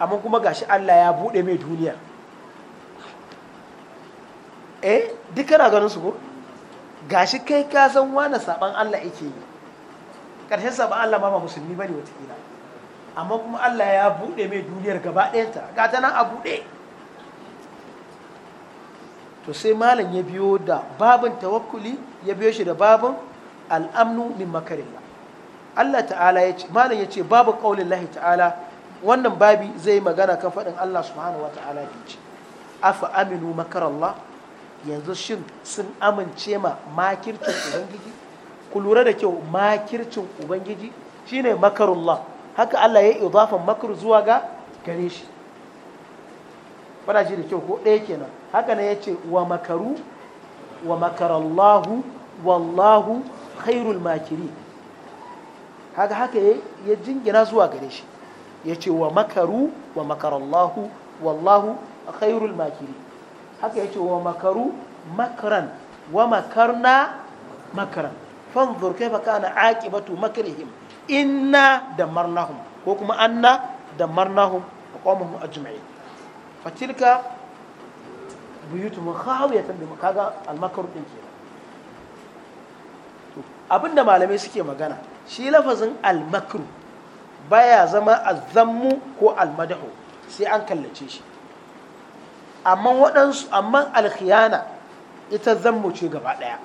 amma kuma gashi Allah ya buɗe mai duniya eh duk kana ganin su ko gashi kai ka san wani saban Allah yake yi ƙarshen saban Allah ma ba musulmi bane watakila amma kuma Allah ya buɗe mai duniyar gaba ɗayanta ga ta nan a buɗe to sai malam ya biyo da babin tawakkuli ya biyo shi da babin al'amnu min makarilla Allah ta'ala ya ce malam ya ce babu ƙaunin lahi ta'ala wannan babi zai yi magana kan faɗin Allah subhanahu wa ta'ala ya ce afa aminu makar Allah yanzu shin sun amince ma makircin ubangiji ku lura da kyau makircin ubangiji shine makarullah haka Allah ya yi idafan makar zuwa ga gare shi fara shi da kyau ko ɗaya kenan haka ne ya ce wa makaru wa makarallahu wallahu khairul makiri kaga haka ya jingina zuwa gare shi ya ce wa makaru wa makarallahu wallahu khairul makiri haka ya ce wa makaru makaran wa makarna makaran fanzur kaifa kana aqibatu makrihim inna damarnahum ko kuma anna damarnahum wa qawmuhum ajma'in fatilka buyutum ya bima kaga al makru din kenan abinda malamai suke magana shi lafazin almakru baya zama azammu ko almadahu sai an kallace shi amma waɗansu amma alkhiyana ita zammu ce gaba ɗaya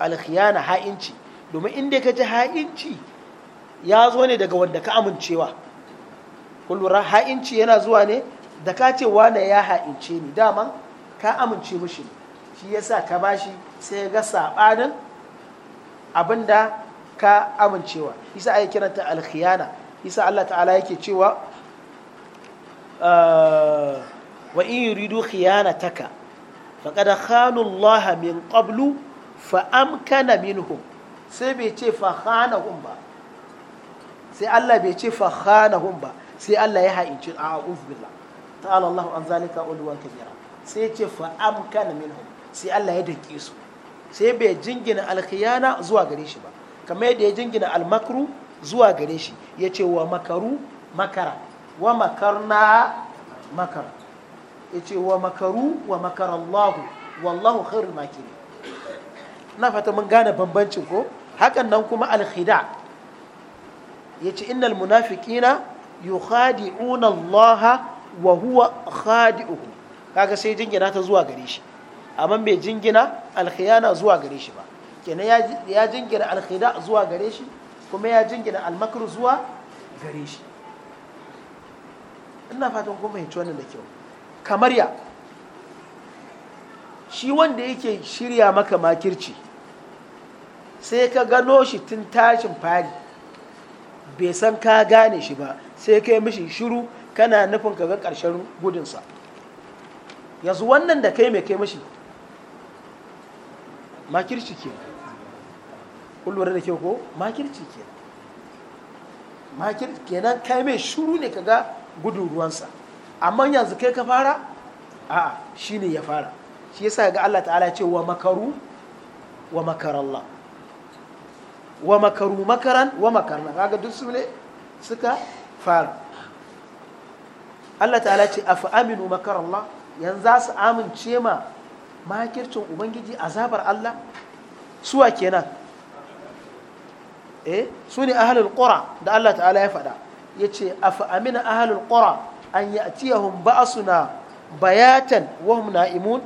alkhiyana ha'inci domin inda ka ji ha'inci ya zo ne daga wanda ka amincewa kun ha'inci yana zuwa ne da ka ce wane ya ha'ince ni dama ka amince mushi ne shi yasa ka bashi sai ga saɓanin abinda ka amincewa isa ai kiranta alkhiyana isa Allah ta'ala yake cewa ah, wa in yuridu khiyanataka faqad khanu Allah min qablu fa amkana minhum sai bai ce fa khanahum ba sai Allah bai ce fa khanahum ba sai Allah ya haici a'udhu billah ta'ala Allah an zalika ulwan kabira sai ce fa amkana minhum sai Allah ya dake su sai bai jingina alkhiyana zuwa gare shi ba kamar yadda ya jingina almakru zuwa gare shi ya ce wa makaru makara wa makarna makara ya ce wa makaru wa makarallahu wallahu khairul makiri na fata mun gane bambancin ko hakan nan kuma alkhida ya ce innal munafiqina yukhadi'una allaha wa huwa khadi'uhum kaga sai jingina ta zuwa gare shi amma bai jingina alkhiyana zuwa gare shi ba kenan ya jingina alkhida zuwa gare shi kuma ya jingina almakar zuwa gare shi ina fatan kuma ya wannan da kyau kamar ya shi wanda yake shirya maka makirci sai ka gano shi tun tashin fari bai san ka gane shi ba sai ka yi mishi shiru kana nufin ka ga ƙarshen gudunsa yanzu wannan da kai mai kai mashi makirci kenan kullum da kyau ko makirci kenan makirci kenan kai mai shuru ne kaga gudun ruwansa amma yanzu kai ka fara a'a ne ya fara shi yasa ga Allah ta'ala ce wa makaru wa makarallah wa makaru makaran wa makarna kaga duk su ne suka fara Allah ta'ala ce afa aminu makarallah yanzu za su amince ma makircin ubangiji azabar Allah suwa kenan eh su ne ahalul qura da Allah ta'ala ya faɗa yace afa amina ahalul qura an a ya'tiyahum ba'suna bayatan wahum na imun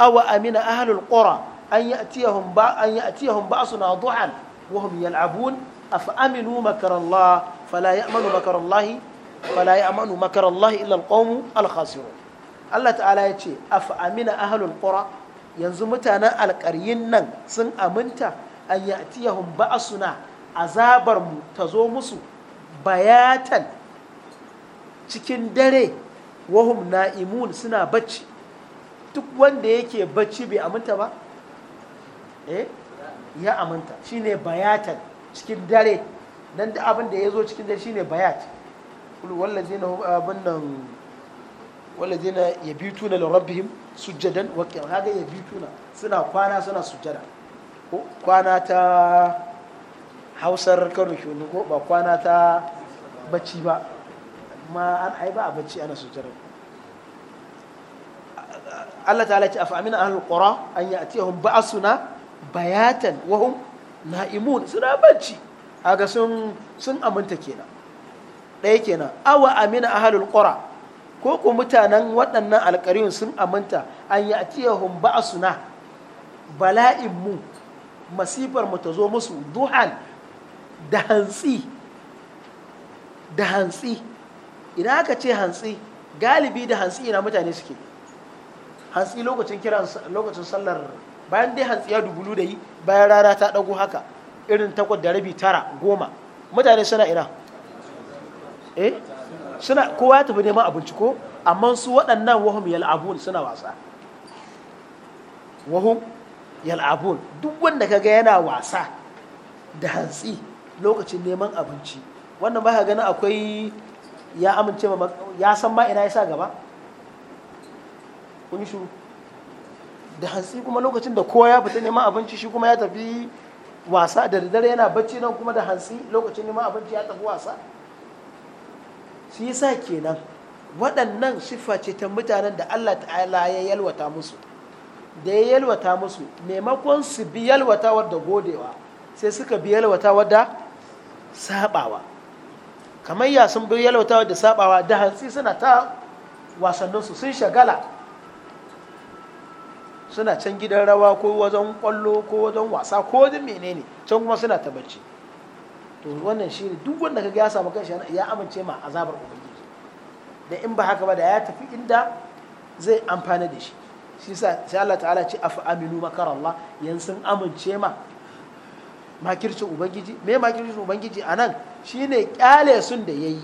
aw amina ahlul qura an ya'tiyahum ba an ya'tiyahum ba'suna duhan wahum hum yal'abun af aminu makarallah fala amanu makarallahi fala amanu makarallahi illa alqawm alkhasirun Allah ta'ala ya ce af amina ahlul qura yanzu mutanen alƙaryin nan sun aminta an a ya'tiyahum ba'suna azabar mu ta zo musu bayatan cikin dare wahum na'imun suna bacci duk wanda yake bacci bai aminta ba eh ya aminta shine bayatan cikin dare dan da abin da ya zo cikin dare shine bayat kulu wallazina abin nan wallazina yabituna li rabbihim sujjadan wa qiyam kaga yabituna suna kwana suna sujjada ko kwana ta hausar kano ke wani ba kwana ta bacci ba ma an ba a bacci ana sutura Allah ta a fa’amina an qura an a a suna bayatan wahun na'imun suna bacci a sun sun aminta kenan ɗaya kenan awa amina ahlul qura ko ku mutanen waɗannan alƙariyun sun aminta an a suna bala'in mu masifar mu ta zo musu duhan da hantsi da hantsi idan aka ce hantsi galibi da hantsi ina mutane suke hantsi lokacin kiran lokacin sallar bayan dai hantsi ya dubulu da yi bayan rana ta dago haka irin takwas da rabi tara goma mutane suna ina eh suna kowa ya tafi neman abinci ko amma su waɗannan wahum yal'abun suna wasa wahum yal'abun duk wanda kaga yana wasa da hantsi lokacin neman abinci wannan baya ganin akwai ya amince ma ya san ma ina ya sa gaba kun shi da hansi kuma lokacin da kowa ya fita neman abinci shi kuma ya tafi wasa da dare yana bacci nan kuma da hansi lokacin neman abinci ya tafi wasa shi yasa kenan waɗannan siffa ce ta mutanen da Allah ta'ala ya yalwata musu da ya yalwata musu maimakon su bi yalwatawar da godewa sai suka bi yalwatawar da sabawa kamar ya sun bi yalautawa da sabawa da hantsi suna ta wasanninsu sun shagala suna can gidan rawa ko wajen kwallo ko wajen wasa ko wajen menene can kuma suna ta bacci to wannan shi ne duk wanda kaga ya samu kanshi ya amince ma azabar ubangiji da in ba haka ba da ya tafi inda zai amfana da shi shi sai Allah ta'ala ce afa aminu makarallah yan sun amince ma makirci ubangiji me makirci ubangiji a nan shine kyale sun da ya yi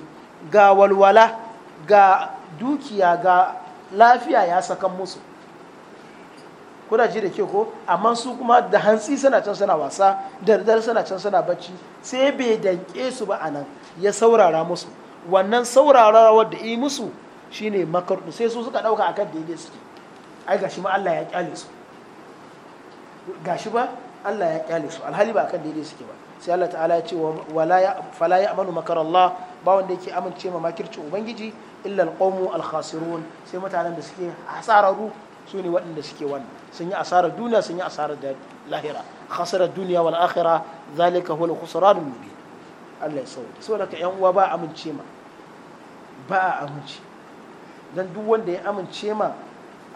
ga walwala ga dukiya ga lafiya ya sakan musu kuna ji da ke ko amma su kuma da hantsi suna can suna wasa da daddare suna can suna bacci sai bai danke su ba a nan ya saurara musu wannan saurara wadda yi musu shine makardu sai su suka dauka akan daidai suke ai gashi ma Allah ya kyale su gashi ba Allah ya kyale su alhali ba kan daidai suke ba sai Allah ta'ala ya ce fala ya manoma makarallah ba wanda yake amince ma makirci ubangiji illa alqawmu alkhasirun sai mutanen da suke hasararu su ne waɗanda suke wannan sun yi asarar duniya sun yi asarar lahira khasarar duniya wal akhirah zalika huwa alkhusranul mubin Allah ya sauke saboda ka yan uwa ba amince ma ba a amince dan duk wanda ya amince ma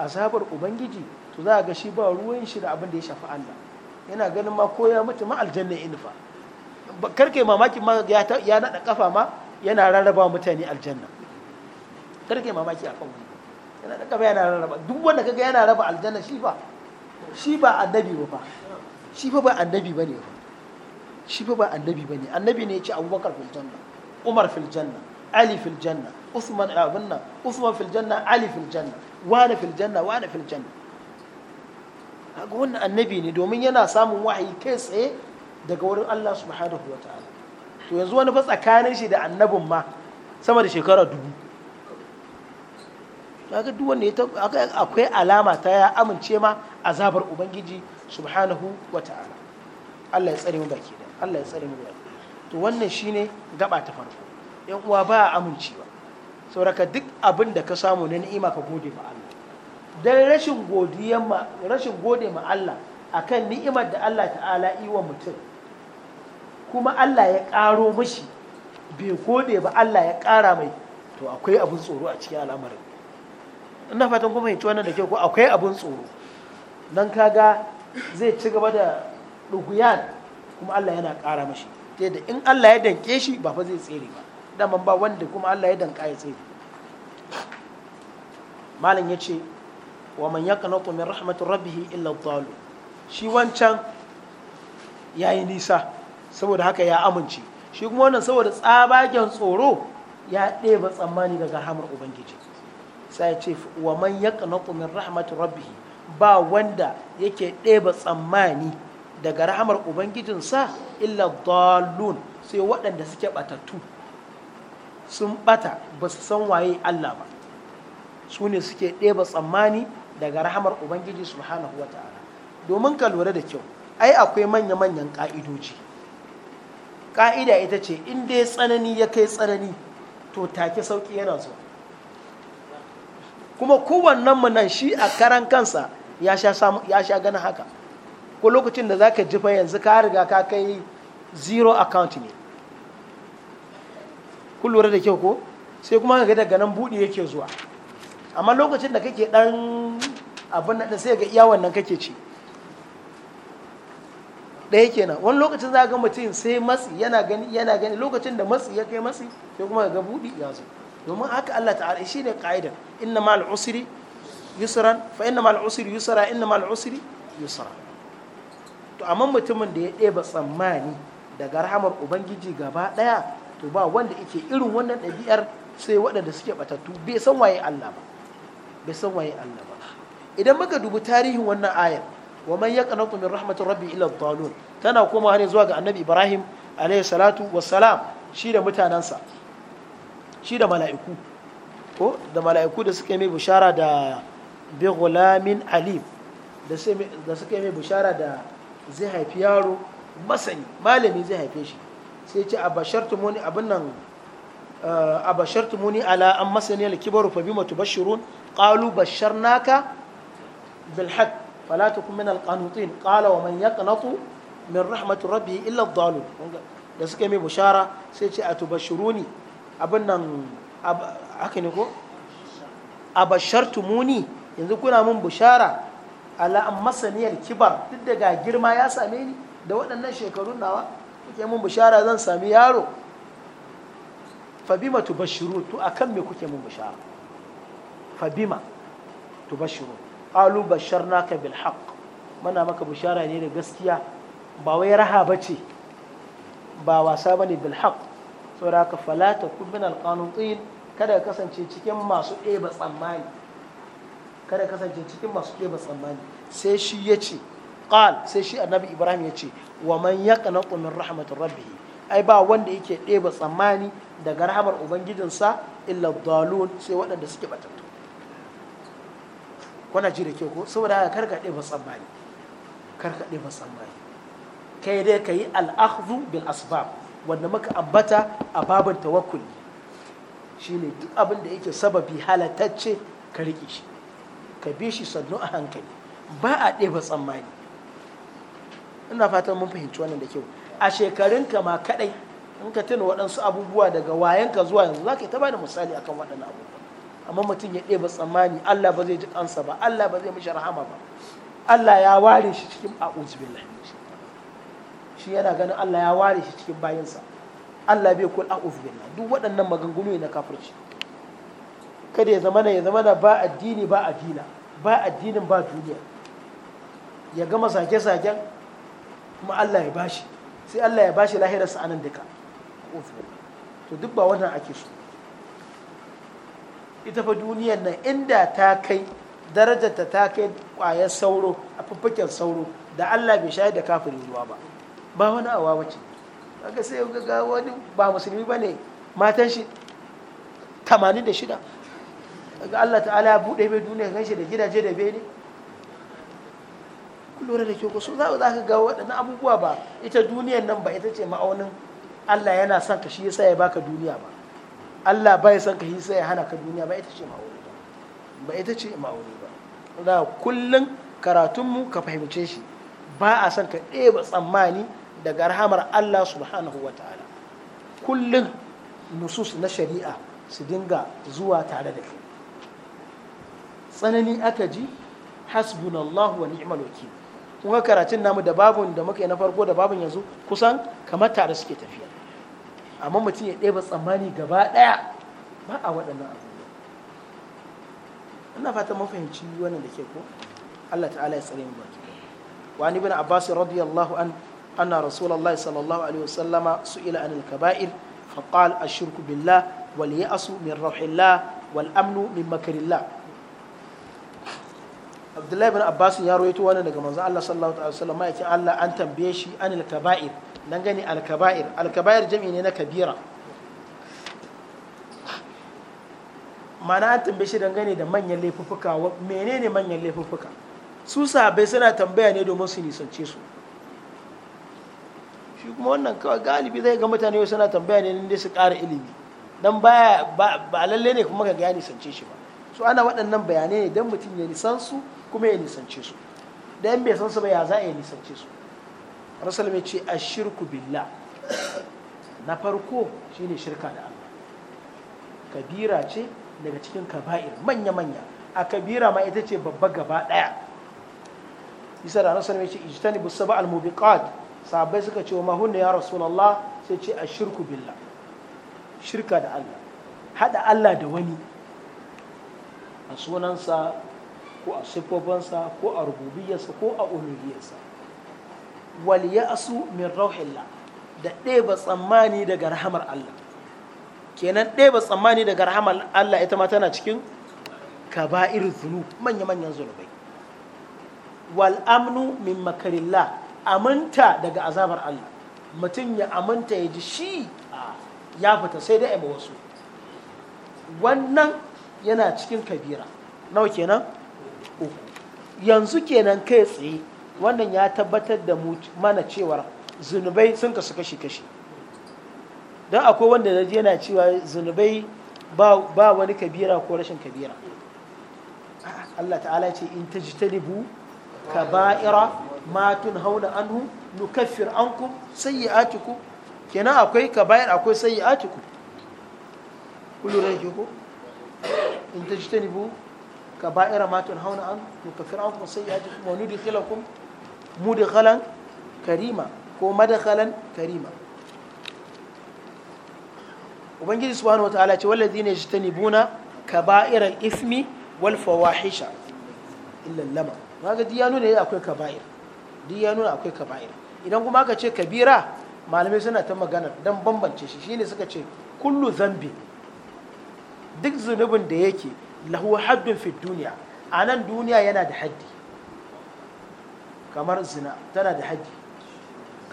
azabar ubangiji to za a ga shi ba ruwan shi da abin da ya shafi Allah yana ganin ma koya ya ma aljanna ya fa karke mamaki ma ya naɗa kafa ma yana rarraba mutane aljanna karke mamaki akan wani yana da kafa yana rarraba duk wanda kaga yana raba aljanna shi ba shi ba annabi ba fa shi fa ba annabi bane ba shi fa ba annabi bane annabi ne ya ce abubakar fil janna umar fil janna ali fil janna usman abunna usman fil janna ali fil janna wani fil janna wani fil janna ga wannan annabi ne domin yana samun wahayi kai tsaye daga wurin Allah subhanahu wa ta'ala to yanzu wani fa tsakanin shi da annabin ma sama da shekara dubu kaga duk wanda ya akwai alama ta ya amince ma azabar ubangiji subhanahu wa ta'ala Allah ya tsare mu baki da Allah ya tsare mu baki to wannan shine gaba ta farko yan uwa ba amincewa sauraka duk abin da ka samu na ni'ima ka gode ma don rashin godiyan rashin gode ma Allah akan ni'imar da Allah ta'ala yi wa mutum kuma Allah ya ƙaro mishi bai gode ba Allah ya ƙara mai to akwai abin tsoro a cikin al'amarin ina fatan kuma fahimci wannan da ke ko akwai abin tsoro nan kaga zai ci gaba da ɗuguyan kuma Allah yana ƙara mashi ta da in Allah ya danke shi ba fa zai tsere ba daman ba wanda kuma Allah ya danka ya tsere malam ya ce wa man yaqnatu min rahmatir illa dhalu shi wancan yayi nisa saboda haka ya amince shi kuma wannan saboda tsabagen tsoro ya ɗeba tsammani daga hamar ubangiji sai ya ce wa man na min rahmatir rabihi ba wanda yake ɗeba tsammani daga rahamar ubangijinsa illa dalun sai waɗanda suke batattu sun ɓata ba su san waye Allah ba su ne suke ɗeba tsammani daga rahamar ubangiji subhanahu wa ta'ala domin ka lura da kyau ai akwai manya-manyan ka'idoji ka'ida ita ce in dai tsanani ya kai tsanani to take sauki yana zuwa kuma kowannen mu nan shi a karan kansa ya sha gana haka ko lokacin da zaka jifa yanzu ka riga ka kai zero account ne ku lura da kyau ko sai kuma ga daga nan buɗe yake zuwa amma lokacin da kake dan abin nan sai ga iya wannan kake ci ɗaya kenan wani lokacin za ga mutum sai matsi yana gani yana gani lokacin da matsi ya kai matsi sai kuma ga budi ya zo domin haka Allah ta'ala shi ne ka'ida inna ma usri yusran fa inna ma usri yusra inna ma usri yusra to amma mutumin da ya ɗeba tsammani daga rahamar ubangiji gaba ɗaya to ba wanda yake irin wannan ɗabi'ar sai waɗanda suke batattu bai san waye Allah ba bai san waye Allah ba idan muka dubi tarihin wannan ayar wa man yaqnatu min rahmatir rabbi ila dhalun tana koma har zuwa ga annabi Ibrahim alayhi salatu wassalam shi da mutanansa shi da mala'iku ko da mala'iku da suka mai bushara da bi ghulamin alim da suka mai bushara da zai haifi yaro masani malami zai haife shi sai ce a bashartumuni abin nan A bashar tumuni ala an masani al-kibaru fa matu bashirun qalu bashar naka haqq fala takun min al-qanutin qala wa man yaqnatu min rahmatir rabbih illa ad da suka mai bushara sai ce bashiruni abin nan haka ne ko tumuni yanzu kuna mun bushara ala an masaniyar kibar duk daga girma ya same ni da waɗannan shekarun nawa kuke mun bishara zan sami yaro fabima tubashshirun to akan me kuke mun bishara fabima alu qalu basharnaka bil haqq mana maka bishara ne da gaskiya ba wai raha bace ba wasa bane bil haqq saboda haka fala takun min al kada ka kasance cikin masu ɗeba tsammani kada kasance cikin masu ɗeba tsammani sai ya ce qal sai shi annabi ibrahim ya ce wa man yaqnaqu min rahmatir rabbih ai ba wanda yake ɗeba tsammani daga rahamar ubangijinsa illa dalun sai waɗanda suke batattu kuna ji da ke ko saboda haka karka ɗeba tsammani karka ɗeba tsammani kai dai ka yi al'akhdhu bil asbab wanda muka ambata a babin tawakkuli shine duk abin da yake sababi halatacce ka riƙe shi ka bi shi sannu a hankali ba a ɗeba tsammani ina fatan mun fahimci wannan da kyau a shekarunka ma kadai in ka tuna waɗansu abubuwa daga wayanka zuwa yanzu za ka yi ta bada misali akan waɗannan abubuwa amma mutum ya ɗeba tsammani Allah ba zai ji kansa ba Allah ba zai mishi rahama ba Allah ya ware shi cikin a'udzubillah shi yana ganin Allah ya ware shi cikin bayansa Allah bai kul a'udzubillah duk waɗannan maganganu ne na kafirci kada ya zama ya zama ba addini ba addina ba addinin ba duniya ya gama sake-saken kuma Allah ya bashi sai Allah ya bashi sa anan duka to duk ba wannan ake so ita fa duniyar nan inda ta kai darajarta ta kai kwayar sauro a fuffuken sauro da Allah bai shayar da zuwa ruwa ba ba wani awa wace kaga sai ga wani ba musulmi bane matan shi 86 kaga Allah ta'ala ya bude mai duniya ganshi da gidaje da bene kullum da ke kusa za ka ga waɗannan abubuwa ba ita duniyan nan ba ita ce ma'aunin Allah yana son ka shi yasa ya baka duniya ba Allah ba ya son ka shi yasa ya hana ka duniya ba ita ce ma'auni ba ba ita ce ma'auni ba da kullum karatunmu ka fahimce shi ba a son ka ɗeba tsammani daga rahamar Allah subhanahu wa ta'ala kullum nusus na shari'a su dinga zuwa tare da kai tsanani aka ji hasbunallahu wa ni'mal wakil kuma karatun namu da babun da muka yi na farko da babun yanzu kusan kamar tare suke tafiya amma mutum ya ɗeba tsammani gaba ɗaya ba a waɗannan abubuwa ina fata mun fahimci wannan da ke ko Allah ta'ala ya tsare mu baki wa ni ibn abbas radiyallahu an anna rasulullahi sallallahu alaihi wasallama su'ila anil kaba'ir fa qala ashirku billah wal ya'su min rauhillah wal amnu min makrillah abdullahi bin abbas ya rawaito wani daga manzon Allah sallallahu alaihi wasallam ma'aikin Allah an tambaye shi anil kaba'ir dan gani al kaba'ir al kaba'ir jami'i ne na kabira ma'ana an tambaye shi dangane da manyan laifuka menene manyan laifuka su sahabbai suna tambaya ne domin su nisance su shi kuma wannan kawai galibi zai ga mutane suna tambaya ne inda su ƙara ilimi dan baya ba lalle ne kuma ka ga ya nisance shi ba su ana waɗannan bayanai ne don mutum ya nisan su kuma ya nisance su da yan bai san su ba ya za a ya nisance su rasul mai ce a shirku biLla. na farko shine shirka da Allah kabira ce daga cikin kaba'ir manya-manya a kabira ma ita ce babba gaba ɗaya isa da rasul mai ce ijtani bu saba al-mubiqat sahabbai suka ce wa mahunna ya rasulullah sai ce a shirku biLla. shirka da Allah hada Allah da wani a sunansa ko a siffofinsa ko a rububiyarsa ko a uluhiyarsa wal ya'su min rauhillah da ɗeba tsammani daga rahamar Allah kenan ɗeba tsammani daga rahamar Allah ita ma tana cikin kaba'ir zunub manya-manyan zunubai wal amnu min makarillah aminta daga azabar Allah mutum ya aminta ya ji shi ya fita sai dai a wasu wannan yana cikin kabira nawa kenan yanzu kenan kai tsaye wannan ya tabbatar da mana cewar zunubai sun kasu kashi-kashi don akwai wanda da yana cewa zunubai ba wani kabira ko rashin kabira Allah ta'ala ce in ta jitanibu ka ba'ira matun hauna anhu nukaffir ankum atiku kenan akwai ka kaba'ir akwai sayyi'atikum kullu ku in ta jitanibu kaba'ira ma Hauna an nukaffir ankum sayyi'atikum wa nudkhilakum mudkhalan karima ko madkhalan karima ubangiji subhanahu wataala ce walladhina yajtanibuna kaba'ira al-ithmi wal fawahisha illa lama kaga duk ya nuna akwai kaba'ir duk ya nuna akwai kaba'ir idan kuma ka ce kabira malamai suna ta magana don bambance shi shine suka ce kullu zambi duk zunubin da yake lahu haddun fi duniya a nan duniya yana da haddi kamar zina tana da haddi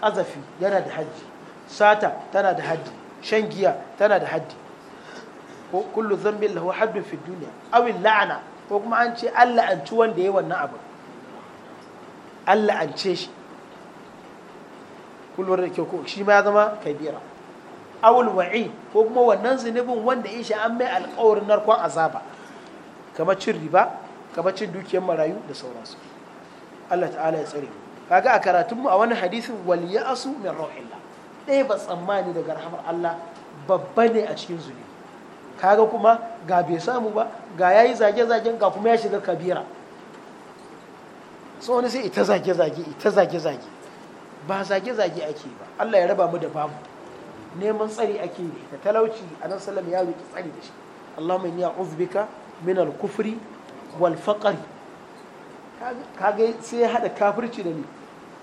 ƙazafi yana da haddi sata tana da haddi shan giya tana da haddi ko kullu zambin lahu haddun fi duniya awin la'ana ko kuma an ce an la'anci wanda ya wannan abu an la'ance shi kullum da ke shi ma ya zama kabira awul wa'i ko kuma wannan zunubin wanda ya sha an mai alƙawarin narkon azaba kamar cin riba kamar cin dukiyar marayu da sauransu Allah ta'ala ya tsare kaga a karatun mu a wani hadisin wal ya'su min rahila ɗaya ba tsammani daga rahamar Allah babba ne a cikin zunubi kaga kuma ga bai samu ba ga yayi zage-zagen ga kuma ya shiga kabira so sai ita zage-zage ita zage-zage ba zage-zage ake ba Allah ya raba mu da babu neman tsari ake da talauci a nan salam ya roki tsari da shi Allahumma inni a'udhu bika min al-kufri wal faqri kage sai hada kafirci da ni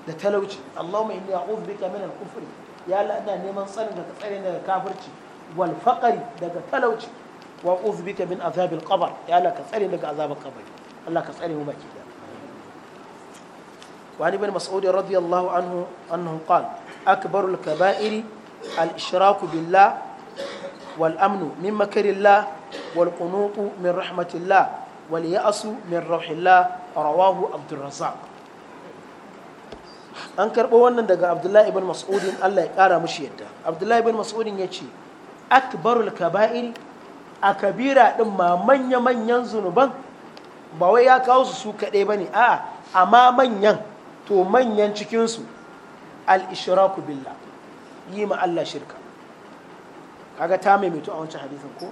da talauci Allahumma inni a'udhu bika min al-kufri ya Allah ina neman tsarin daga tsare daga kafirci wal faqri daga talauci wa a'udhu bika min azab al-qabr ya Allah ka tsare daga azab al-qabr Allah ka tsare mu baki da وعن ابن مسعود رضي الله عنه أنه قال أكبر الكبائر الإشراك بالله والأمن من مكر الله wal min rahmatullah wal ya'su min rauhillah rawahu abdurrazzaq an karɓo wannan daga abdullahi ibn mas'udin Allah ya ƙara mushi yadda abdullahi ibn mas'udin ya ce akbarul kaba'iri a kabira ɗin ma manya-manyan zunuban ba wai ya kawo su su kaɗai ba ne a amma manyan to manyan cikinsu al-ishraku billah yi ma Allah shirka kaga ta maimaito a wancan hadisin ko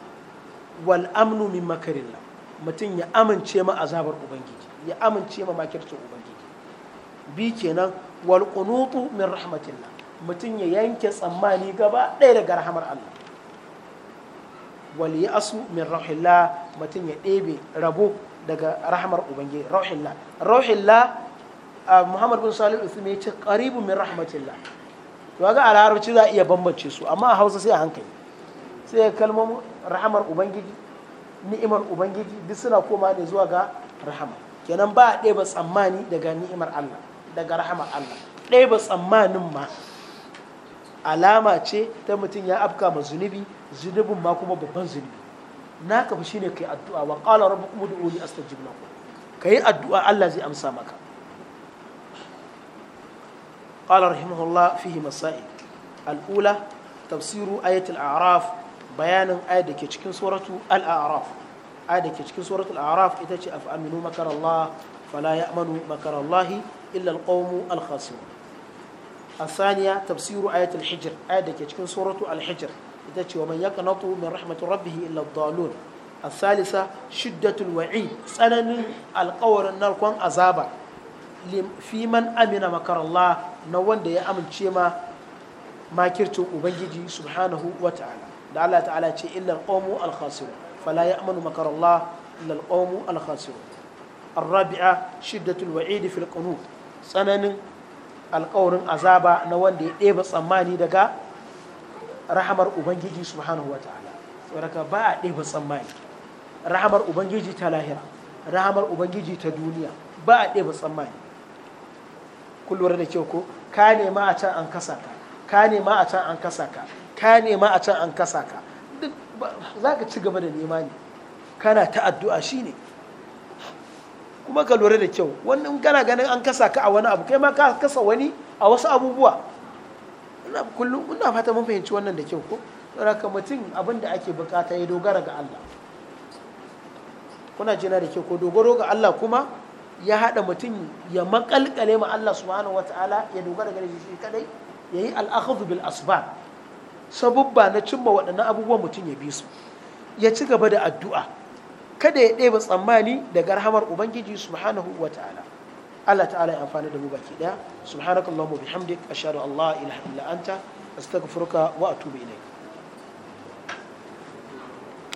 wal amnu min makarillah mutum ya amince ma azabar ubangiji ya amince ma makircin ubangiji bi kenan wal qunutu min rahmatillah mutum ya yanke tsammani gaba ɗaya daga rahamar Allah wal ya'su min rahillah mutum ya ɗebe rabo daga rahamar ubangiji min rahmatillah to a larabci za a iya bambance su amma a Hausa sai a hankali sai kalmomin rahamar ubangiji ni'imar ubangiji duk suna koma ne zuwa ga rahama kenan ba a ɗeba tsammani daga ni'imar Allah daga rahamar Allah ɗeba tsammanin ma alama ce ta mutum ya afka ma zunubi zunubin ma kuma babban zunubi na kafa shine kai addu'a wa qala rabbukum ud'uni astajib lakum kai addu'a Allah zai amsa maka qala rahimahullah fihi masail al-ula tafsiru ayatul a'raf bayanin ayat da ke cikin suratu araf ayat da ita ce a fa'aminu makar Allah fala ya amanu makar illa al-qawmu a saniya tafsiru ayat al-hijir ayat da cikin suratu al-hijir ita ce wa man ya min rahmatun rabbihi illa dalun a salisa shiddatul wa'i tsananin alkawarin narkon azaba fi man amina makar na wanda ya amince ma makircin Ubangiji subhanahu wa ta'ala da Allah ta'ala ce illa alqawmu alkhasirun fala ya'manu makar Allah illa alqawmu alkhasirun الرابعة شدة الوعيد في القنوط tsananin alƙawarin azaba na wanda ya ɗeba tsammani daga rahamar ubangiji subhanahu wa ta'ala tsoraka ba a ɗeba tsammani rahamar ubangiji ta lahira rahamar ubangiji ta duniya ba a ɗeba tsammani kullum da kyau ko ka nema a can an kasa ka ka nema a can an kasa ka ka nema a can an kasa ka duk za ka ci gaba da nema ne kana ta addu'a shi ne kuma ka lura da kyau wannan kana ganin an kasa ka a wani abu kai ma ka kasa wani a wasu abubuwa ina fata mun fahimci wannan da kyau ko raka mutum abin da ake bukata ya dogara ga Allah kuna jina da kyau ko dogaro ga Allah kuma ya hada mutum ya makalkale ma Allah subhanahu wataala ya dogara ga shi kadai yayi al-akhdhu bil asbab sabubba na cimma waɗannan abubuwan mutum ya bi su ya ci gaba da addu'a kada ya ɗeba tsammani daga rahamar ubangiji subhanahu wa ta'ala Allah ta'ala ya amfani da mu baki ɗaya subhanakallahumma bihamdik ashhadu an la ilaha illa anta astaghfiruka wa atubu ilayk